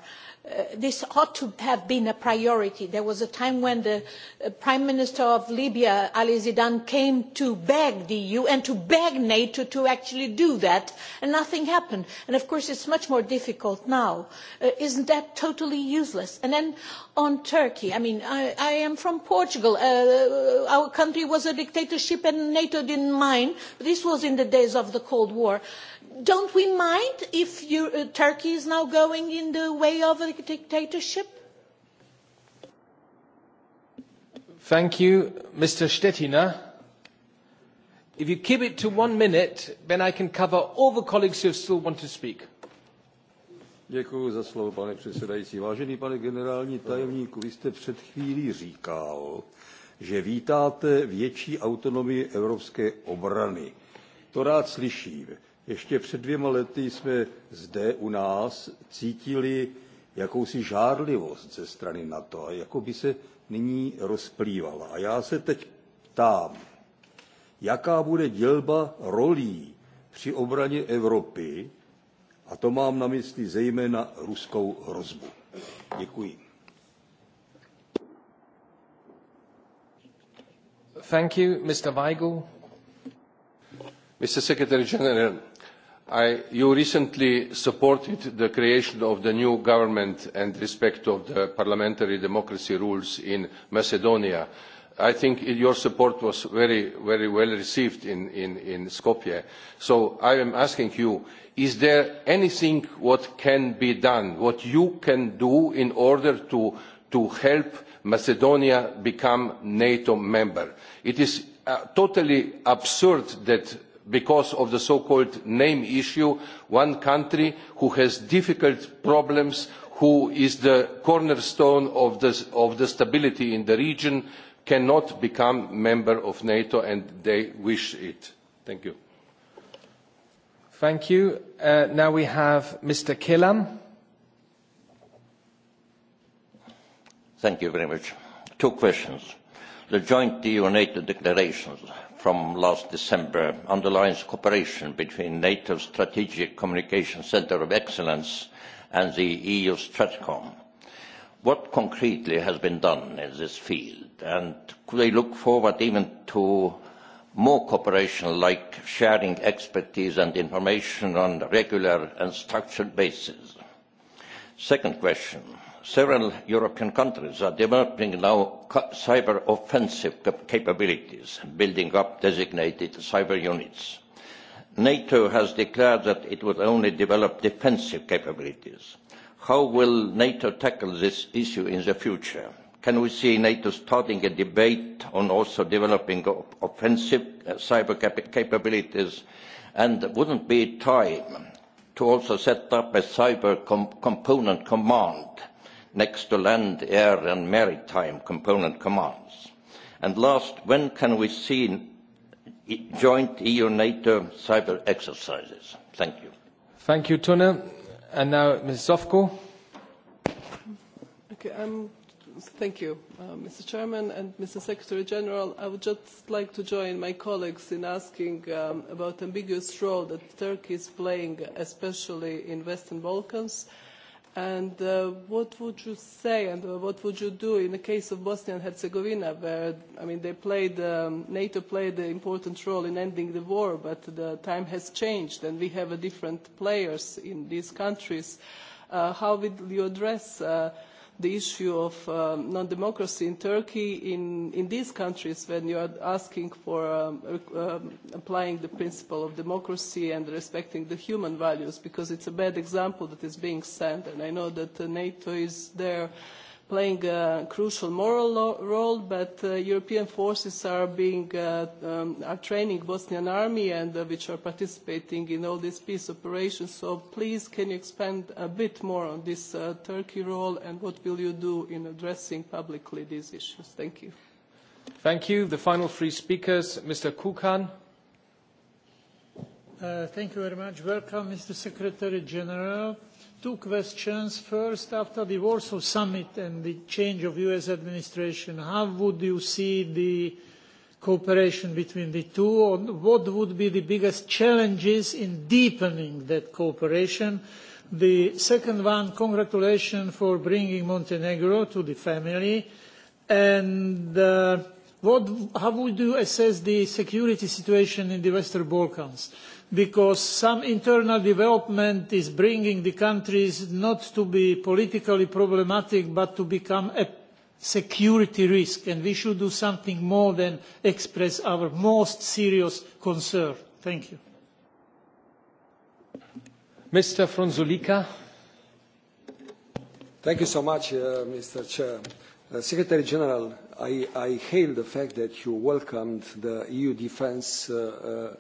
Uh, this ought to have been a priority. There was a time when the uh, Prime Minister of Libya, Ali Zidane, came to beg the EU and to beg NATO to actually do that, and nothing happened. And of course, it's much more difficult now. Uh, isn't that totally useless? And then on Turkey, I mean, I, I am from Portugal. Uh, our country was a dictatorship and NATO didn't mind. This was in the days of the Cold War. Uh, don't we mind if you, uh, Turkey is now going in the way of a dictatorship? Thank you, Mr. Stettiner. If you keep it to one minute, then I can cover all the colleagues who still want to speak. Děkuji za slovo, pane předsedající. Vážený pane generální tajemníku, vy jste před chvílí říkal, že vítáte větší autonomii evropské obrany. To rád slyším ještě před dvěma lety jsme zde u nás cítili jakousi žárlivost ze strany NATO a jako by se nyní rozplývala. A já se teď ptám, jaká bude dělba rolí při obraně Evropy, a to mám na mysli zejména ruskou hrozbu. Děkuji. Thank you, Mr. Weigel. Mr. Secretary General, I, you recently supported the creation of the new government and respect of the parliamentary democracy rules in Macedonia. I think your support was very, very well received in, in, in Skopje. So I am asking you, is there anything what can be done, what you can do in order to, to help Macedonia become NATO member? It is uh, totally absurd that because of the so called name issue one country which has difficult problems which is the cornerstone of, this, of the stability in the region cannot become a member of nato and they wish it. thank you. thank you. Uh, now we have mr. killam. thank you very much. two questions. the joint eu-nato declarations from last December underlines cooperation between NATO's Strategic Communication Center of Excellence and the EU Stratcom. What concretely has been done in this field, and could we look forward even to more cooperation, like sharing expertise and information on a regular and structured basis? Second question several european countries are developing now cyber offensive cap capabilities building up designated cyber units. nato has declared that it will only develop defensive capabilities. how will nato tackle this issue in the future? can we see nato starting a debate on also developing offensive uh, cyber cap capabilities and wouldn't be time to also set up a cyber com component command next to land, air, and maritime component commands? And last, when can we see e-, joint EU-NATO cyber exercises? Thank you. Thank you, Tone. And now Ms. Zofko. Okay, um, thank you, uh, Mr. Chairman and Mr. Secretary General. I would just like to join my colleagues in asking um, about ambiguous role that Turkey is playing, especially in Western Balkans. Uh, And uh, what would you say and uh, what would you do in the case of Bosnia and Herzegovina, where, I mean, they played, um, NATO played an important role in ending the war, but the time has changed and we have a different players in these countries. Uh, how will you address uh, the issue of um, non-democracy in Turkey in, in these countries when you are asking for um, uh, um, applying the principle of democracy and respecting the human values because it's a bad example that is being sent and I know that uh, NATO is there uh, playing a crucial moral role, but uh, European forces are being uh, um, are training Bosnian army and uh, which are participating in all these peace operations. So please, can you expand a bit more on this uh, Turkey role and what will you do in addressing publicly these issues? Thank you. Thank you. The final three speakers, Mr. Kukan. Uh, thank you very much. Welcome, Mr. Secretary General. Two questions. First, after the Warsaw Summit and the change of U.S. administration, how would you see the cooperation between the two? Or what would be the biggest challenges in deepening that cooperation? The second one, congratulations for bringing Montenegro to the family. And uh, what, how would you assess the security situation in the Western Balkans? Uh, because some internal development is bringing the countries not to be politically problematic but to become a security risk and we should do something more than express our most serious concern. Thank you. Mr. Fronzulika. Thank you so much, uh, Mr. Chair. Uh, Secretary General, I, I hail the fact that you welcomed the EU defense uh, uh,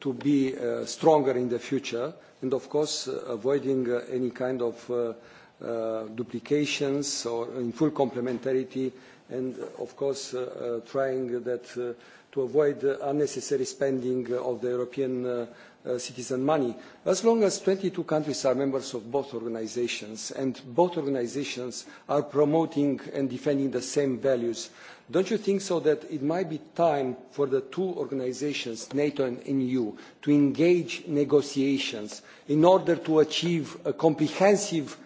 to be uh, stronger in the future and of course uh, avoiding uh, any kind of uh, uh, duplications or in full complementarity and uh, of course uh, uh, trying that uh, to avoid unnecessary spending of the European uh, uh, citizen money, as long as 22 countries are members of both organizations and both organizations are promoting and defending the same values, don't you think so that it might be time for the two organizations, NATO and EU, to engage negotiations in order to achieve a comprehensive,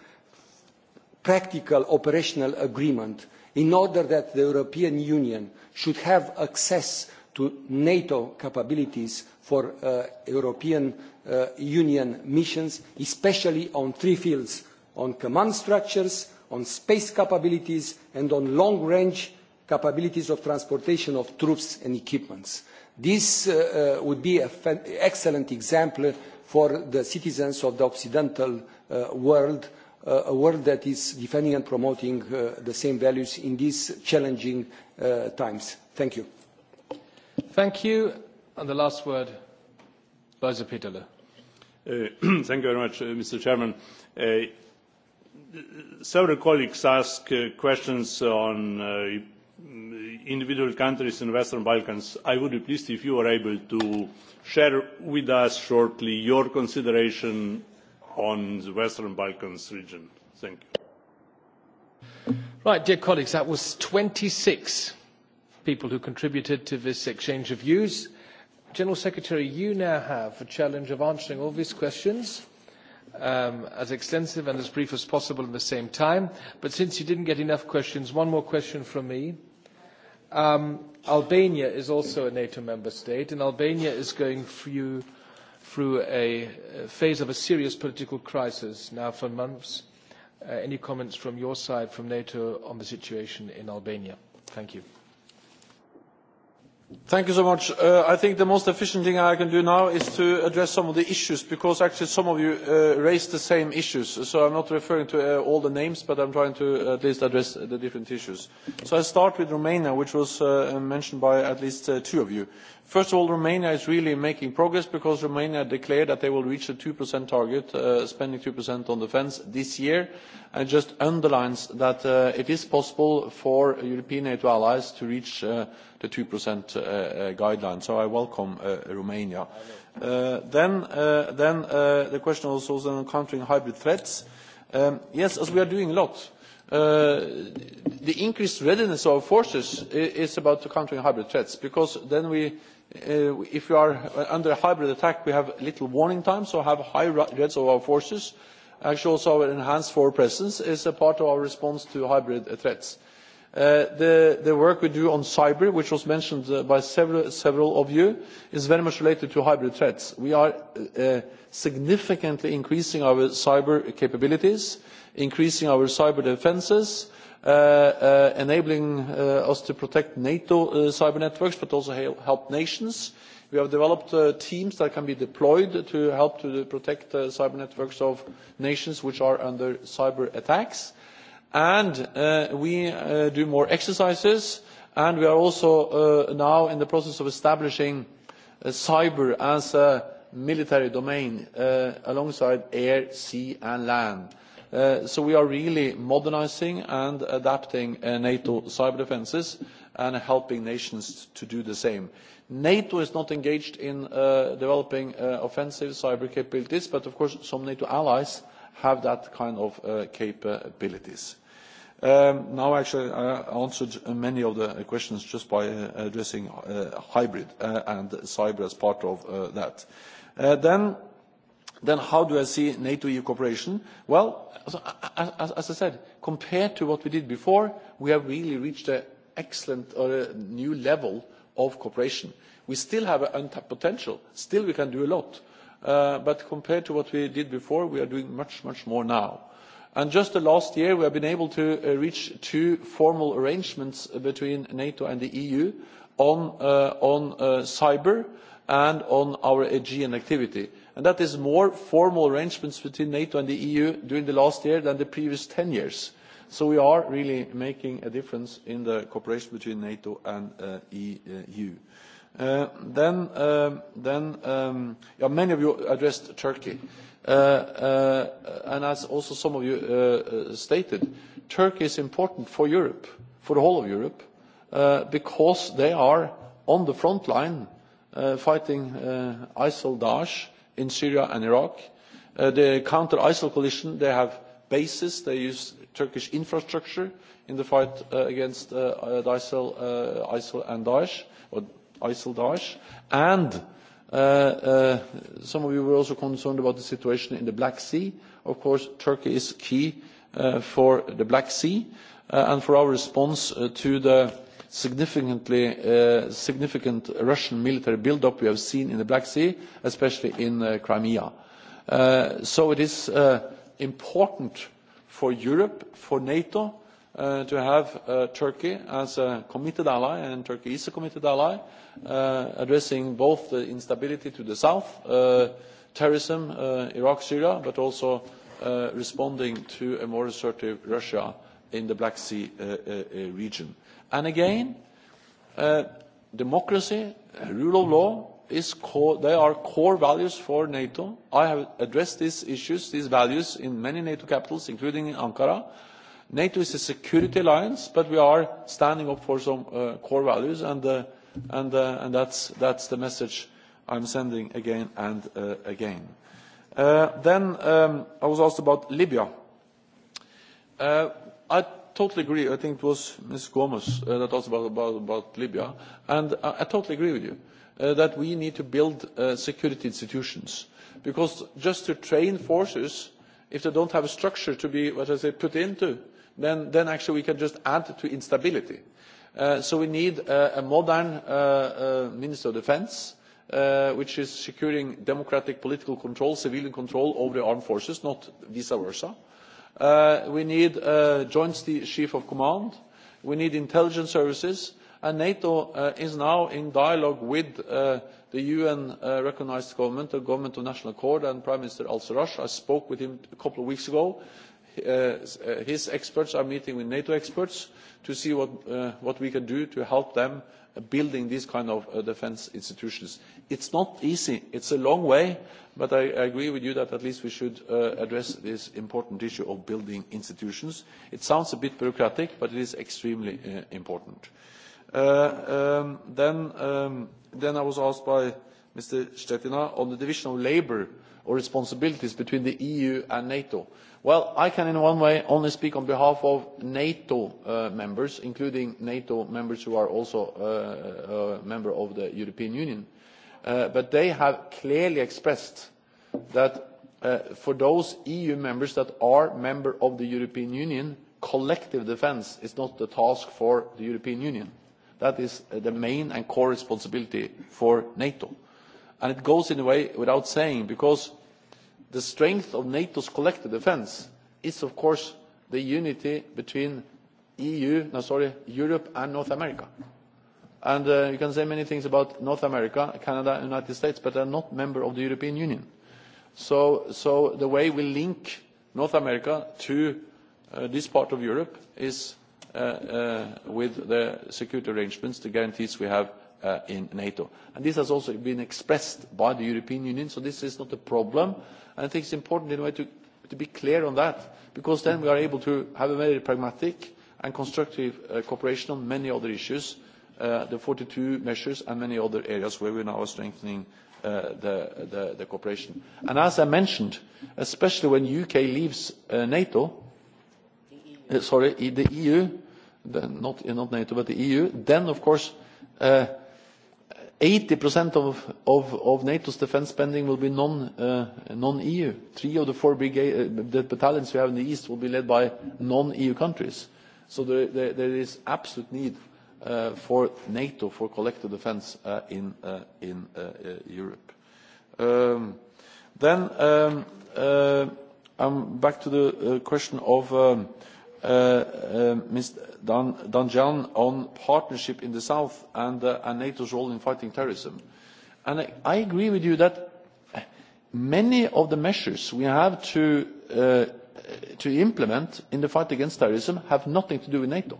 practical, operational agreement in order that the European Union should have access to NATO capabilities for uh, European uh, Union missions, especially on three fields, on command structures, on space capabilities, and on long-range capabilities of transportation of troops and equipments. This uh, uh, would be an excellent example for the citizens of the Occidental uh, world, uh, a world that is defending and promoting uh, the same values in these challenging uh, times. Thank you. Thank you. And the last word, Liza Peterle. Uh, thank you very much, uh, Mr. Chairman. Uh, several colleagues asked uh, questions on uh, individual countries in the Western Balkans. I would be pleased if you were able to share with us shortly your consideration on the Western Balkans region. Thank you. Right, dear colleagues, that was 26 people who contributed to this exchange of views. General Secretary, you now have a challenge of answering all these questions um, as extensive and as brief as possible in the same time. But since you didn't get enough questions, one more question from me. Um, Albania is also a NATO member state, and Albania is going through, through a phase of a serious political crisis now for months. Uh, any comments from your side, from NATO, on the situation in Albania? Thank you. Thank you so much. Uh, I think the most efficient thing I can do now is to address some of the issues, because actually some of you uh, raised the same issues. So I'm not referring to uh, all the names, but I'm trying to uh, at least address the different issues. So I start with Romania, which was uh, mentioned by at least uh, two of you. First of all, Romania is really making progress because Romania declared that they will reach a 2% target, uh, spending 2% on defense this year, and just underlines that uh, it is possible for European NATO allies to reach uh, the 2% uh, uh, guideline. So I welcome uh, Romania. Uh, then uh, then uh, the question also is on countering hybrid threats. Um, yes, as we are doing a lot. Uh, the increased readiness of our forces is about countering hybrid threats because then we, uh, if we are under a hybrid attack, we have little warning time, so have high rates of our forces. Actually, also our enhanced forward presence is a part of our response to hybrid uh, threats Uh, the, the work we do on cyber, which was mentioned uh, by several, several of you, is very much related to hybrid threats. We are uh, significantly increasing our cyber capabilities, increasing our cyber defenses, uh, uh, enabling uh, us to protect NATO cyber networks, but also help nations. We have developed teams that can be deployed to help to protect cyber networks of nations which are under cyber attacks and uh, we uh, do more exercises and we are also uh, now in the process of establishing uh, cyber as a military domain uh, alongside air, sea and land. Uh, so we are really modernizing and adapting uh, NATO cyber defenses and helping nations to do the same. NATO is not engaged in uh, developing uh, offensive cyber capabilities, but of course some NATO allies uh, have that kind of uh, capabilities. Um, now, actually, I answered many of the questions just by uh, addressing uh, hybrid uh, and cyber as part of uh, that. Uh, then, then how do I see NATO-EU cooperation? Well, as, as I said, compared to what we did before, we have really reached an excellent or a new level of cooperation. We still have untapped potential. Still, we can do a lot Uh, but compared to what we did before, we are doing much, much more now. And just the last year, we have been able to uh, reach two formal arrangements between NATO and the EU on, uh, on uh, cyber and on our Aegean activity. And that is more formal arrangements between NATO and the EU during the last year than the previous 10 years. So we are really making a difference in the cooperation between NATO and uh, EU. Uh, then, um, then um, yeah, many of you addressed Turkey. Uh, uh, and as also some of you uh, uh, stated, Turkey is important for Europe, for the whole of Europe, uh, because they are on the front line fighting ISIL Daesh in Syria and Iraq. The counter-ISIL coalition, they have bases, they use Turkish infrastructure in the fight against ISIL, ISIL and Daesh, or ISIL-Daesh, and uh, uh, some of you were also concerned about the situation in the Black Sea. Of course, Turkey is key uh, for the Black Sea uh, and for our response uh, to the significantly, uh, significant Russian military buildup we have seen in the Black Sea, especially in uh, Crimea. Uh, so it is uh, important for Europe, for NATO, uh, to have uh, Turkey as a committed ally, and Turkey is a committed ally, uh, addressing both the instability to the south, uh, terrorism, uh, Iraq, Syria, but also uh, responding to a more assertive Russia in the Black Sea uh, uh, uh region. And again, uh, democracy, rule of law, is core, they are core values for NATO. I have addressed these issues, these values, in many NATO capitals, including in Ankara nato is a security alliance but we are standing up for some uh, core values and uh, and uh, and that's that's the message i'm sending again and uh, again uh, then um, i was asked about libya uh, i totally agree i think it was ms gomes uh, that asked about, about about libya and i, I totally agree with you uh, that we need to build uh, security institutions because just to train forces if they don't have a structure to be what i say put into then, then actually we can just add to instability. Uh, so we need uh, a modern uh, uh, Minister of Defense, uh, which is securing democratic political control, civilian control over the armed forces, not vice versa. Uh, we need a uh, joint chief of command. We need intelligence services. And NATO uh, is now in dialogue with uh, the un uh, recognised government the government of national accord and prime minister al sarraj i spoke with him a couple of weeks ago Uh, uh, his experts are meeting with nato experts to see what, uh, what we can do to help them uh, build these kinds of uh, defence institutions. it is not easy it is a long way but I, i agree with you that at least we should uh, address this important issue of building institutions. it sounds a bit bureaucratic but it is extremely uh, important. Um, then, um, then i was asked Mr. Stetina, on the division of labour or responsibilities between the EU and NATO. Well, I can in one way only speak on behalf of NATO uh, members, including NATO members who are also a uh, uh, member of the European Union. Uh, but they have clearly expressed that uh, for those EU members that are member of the European Union, collective defence is not the task for the European Union. That is uh, the main and core responsibility for NATO. Uh, and it goes in a way without saying because the strength of nato's collective defence is of course the unity between EU, no, sorry, europe and north america. And uh, you can say many things about north america canada and the united states but they are not members of the european union. So, so the way we link north america to uh, this part of europe is uh, uh with the security arrangements the guarantees we have uh, in nato. And this has also been expressed by the european union so this is not a problem and i think it is important in a way to, to be clear on that because then we are able to have a very pragmatic and constructive uh, cooperation on many other issues uh, the forty two measures and many other areas where we now are strengthening uh, the, the, the cooperation. And as I mentioned, especially when UK leaves uh, NATO, e uh, sorry, the EU, the, not, not NATO, but the EU, then of course uh, 80% of, of, of NATO's defense spending will be non, uh, non-EU. Three of the four brigade, uh, the battalions we have in the East will be led by non-EU countries. So there, there, there is absolute need uh, for NATO, for collective defense uh, in, uh, in uh, uh, Europe. Um, then um, uh, I'm back to the uh, question of um, uh, Uh, uh, Danjan on partnership in the South and, uh, and NATO's role in fighting terrorism. And I, I agree with you that many of the measures we have to, uh, to implement in the fight against terrorism have nothing to do with NATO.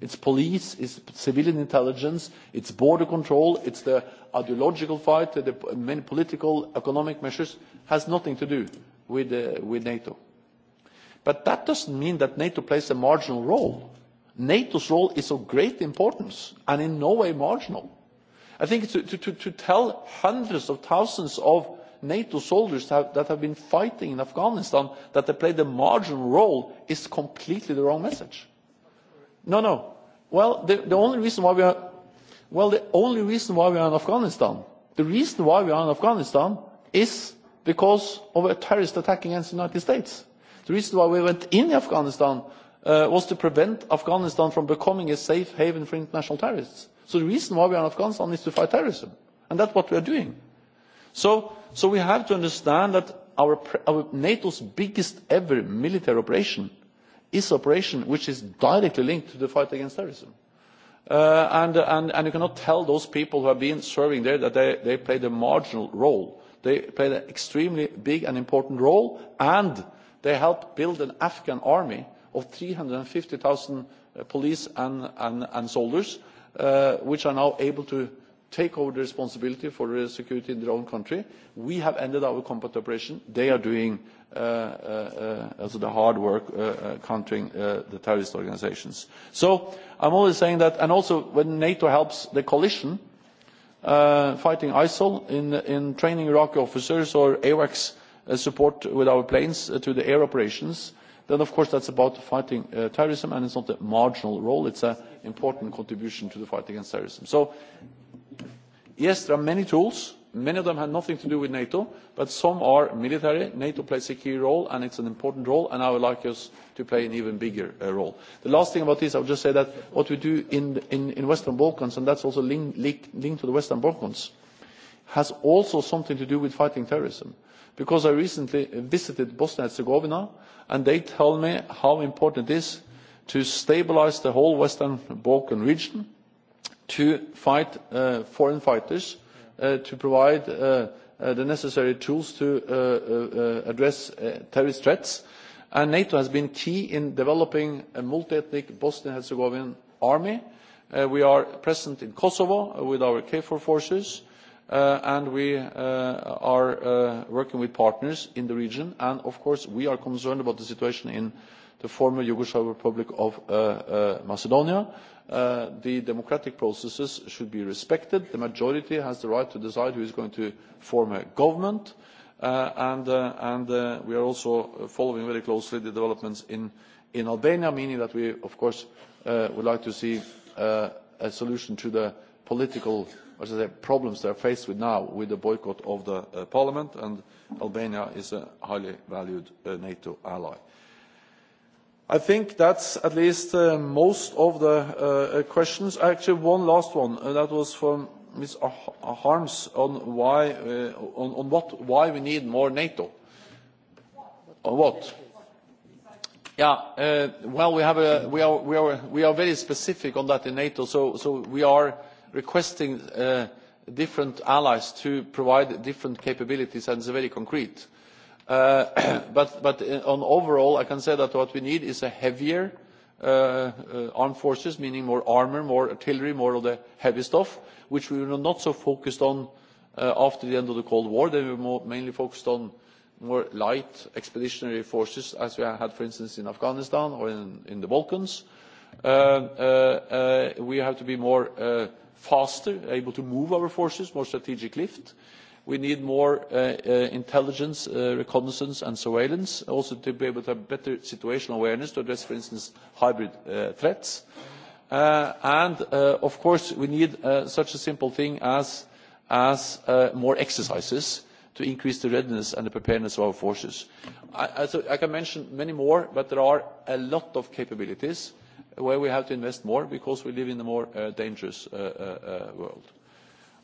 It's police, it's civilian intelligence, it's border control, it's the ideological fight, the many political, economic measures has nothing to do with, uh, with NATO. Uh, But that doesn't mean that NATO plays a marginal role. NATO's role is of great importance and in no way marginal. I think to, to, to tell hundreds of thousands of NATO soldiers have, that have been fighting in Afghanistan that they played a marginal role is completely the wrong message. No, no. Well, the, the only reason why we are, well, the only reason why we are in Afghanistan, the reason why we are in Afghanistan is because of a terrorist attack against the United States the reason why we went in afghanistan uh, was to prevent afghanistan from becoming a safe haven for international terrorists. so the reason why we are in afghanistan is to fight terrorism and that's what we are doing. so, so we have to understand that our, our nato's biggest ever military operation is an operation which is directly linked to the fight against terrorism. Uh, and, and, and you cannot tell those people who have been serving there that they, they played a marginal role. They played an extremely big and important role, and they helped build an afghan army of three hundred and fifty zero uh, police and, and, and soldiers uh, which are now able to take over the responsibility for the security in their own country. we have ended our combat operation. they are doing uh, uh, uh the hard work uh, countering the terrorist organisations. so i am always saying that and also when nato helps the coalition fighting isil in, in training iraqi officers or awacs Uh, support with our planes uh, to the air operations then of course that is about fighting uh, terrorism and it is not a marginal role it is an important contribution to the fight against terrorism. so yes there are many tools many of them have nothing to do with nato but some are military nato plays a key role and it is an important role and i would like us to play an even bigger uh, role. the last thing about this i would just say that what we do in the western balkans and that is also linked link, link to the western balkans has also something to do with fighting terrorism because i recently visited bosnia and herzegovina and they tell me how important it is to stabilise the whole western balkan region to fight uh, foreign fighters uh, to provide uh, uh the necessary tools to uh, uh, address terrorist threats and nato has been key in developing a multi ethnic bosnia and herzegovian army. we are present in kosovo with our kfor forces Uh, and we uh, are uh, working with partners in the region. And of course, we are concerned about the situation in the former Yugoslav Republic of uh, uh, Macedonia. Uh, the democratic processes should be respected. The majority has the right to decide who is going to form a government. And, and we are also following very closely the developments in, in Albania, meaning that we, of course, would like to see a solution to the political or the problems they are faced with now with the boycott of the uh, parliament, and Albania is a highly valued uh, NATO ally. I think that's at least uh, most of the uh, uh questions. Actually, one last one, and that was from Ms. Harms on why, uh, on, on what, why we need more NATO. On what? Yeah, uh, well, we have a, we are, we are, we are very specific on that in NATO, so, so we are requesting uh, different allies to provide different capabilities and it's very concrete. Uh, but but uh, on overall, I can say that what we need is a heavier uh, uh, armed forces, meaning more armor, more artillery, more of the heavy stuff, which we were not so focused on uh, after the end of the Cold War. They were more mainly focused on more light expeditionary forces, as we had, for instance, in Afghanistan or in, in the Balkans. Uh, uh, uh, we have to be more uh, faster, able to move our forces, more strategic lift. We need more uh, uh, intelligence, uh, reconnaissance and surveillance, also to be able to have better situational awareness to address, for instance, hybrid uh, threats. Uh, and, uh, of course, we need uh, such a simple thing as, as uh, more exercises to increase the readiness and the preparedness of our forces. I, I, so I can mention many more, but there are a lot of capabilities where we have to invest more because we live in a more uh, dangerous uh, uh, uh, world.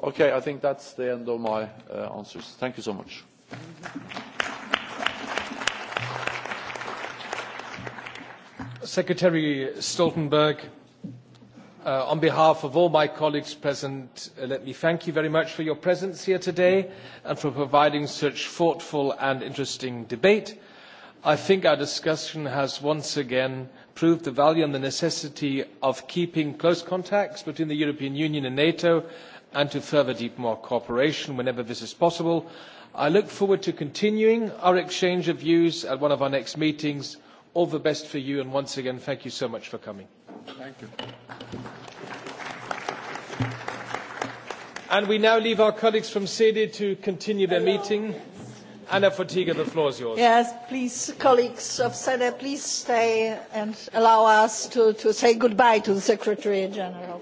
Okay, I think that's the end of my uh, answers. Thank you so much. Secretary Stoltenberg, uh, on behalf of all my colleagues present, uh, let me thank you very much for your presence here today and for providing such thoughtful and interesting debate. I think our discussion has once again uh, proved the value and the necessity of keeping close contacts between the European Union and NATO and to further deep more cooperation whenever this is possible. I look forward to continuing our exchange of views at one of our next meetings. All the best for you and once again thank you so much for coming. Thank you. And we now leave our colleagues from SEDE to continue their Hello. meeting. Anna Fortiga, the floor is yours. Yes, please, colleagues of SEDE, please stay and allow us to, to say goodbye to the Secretary General.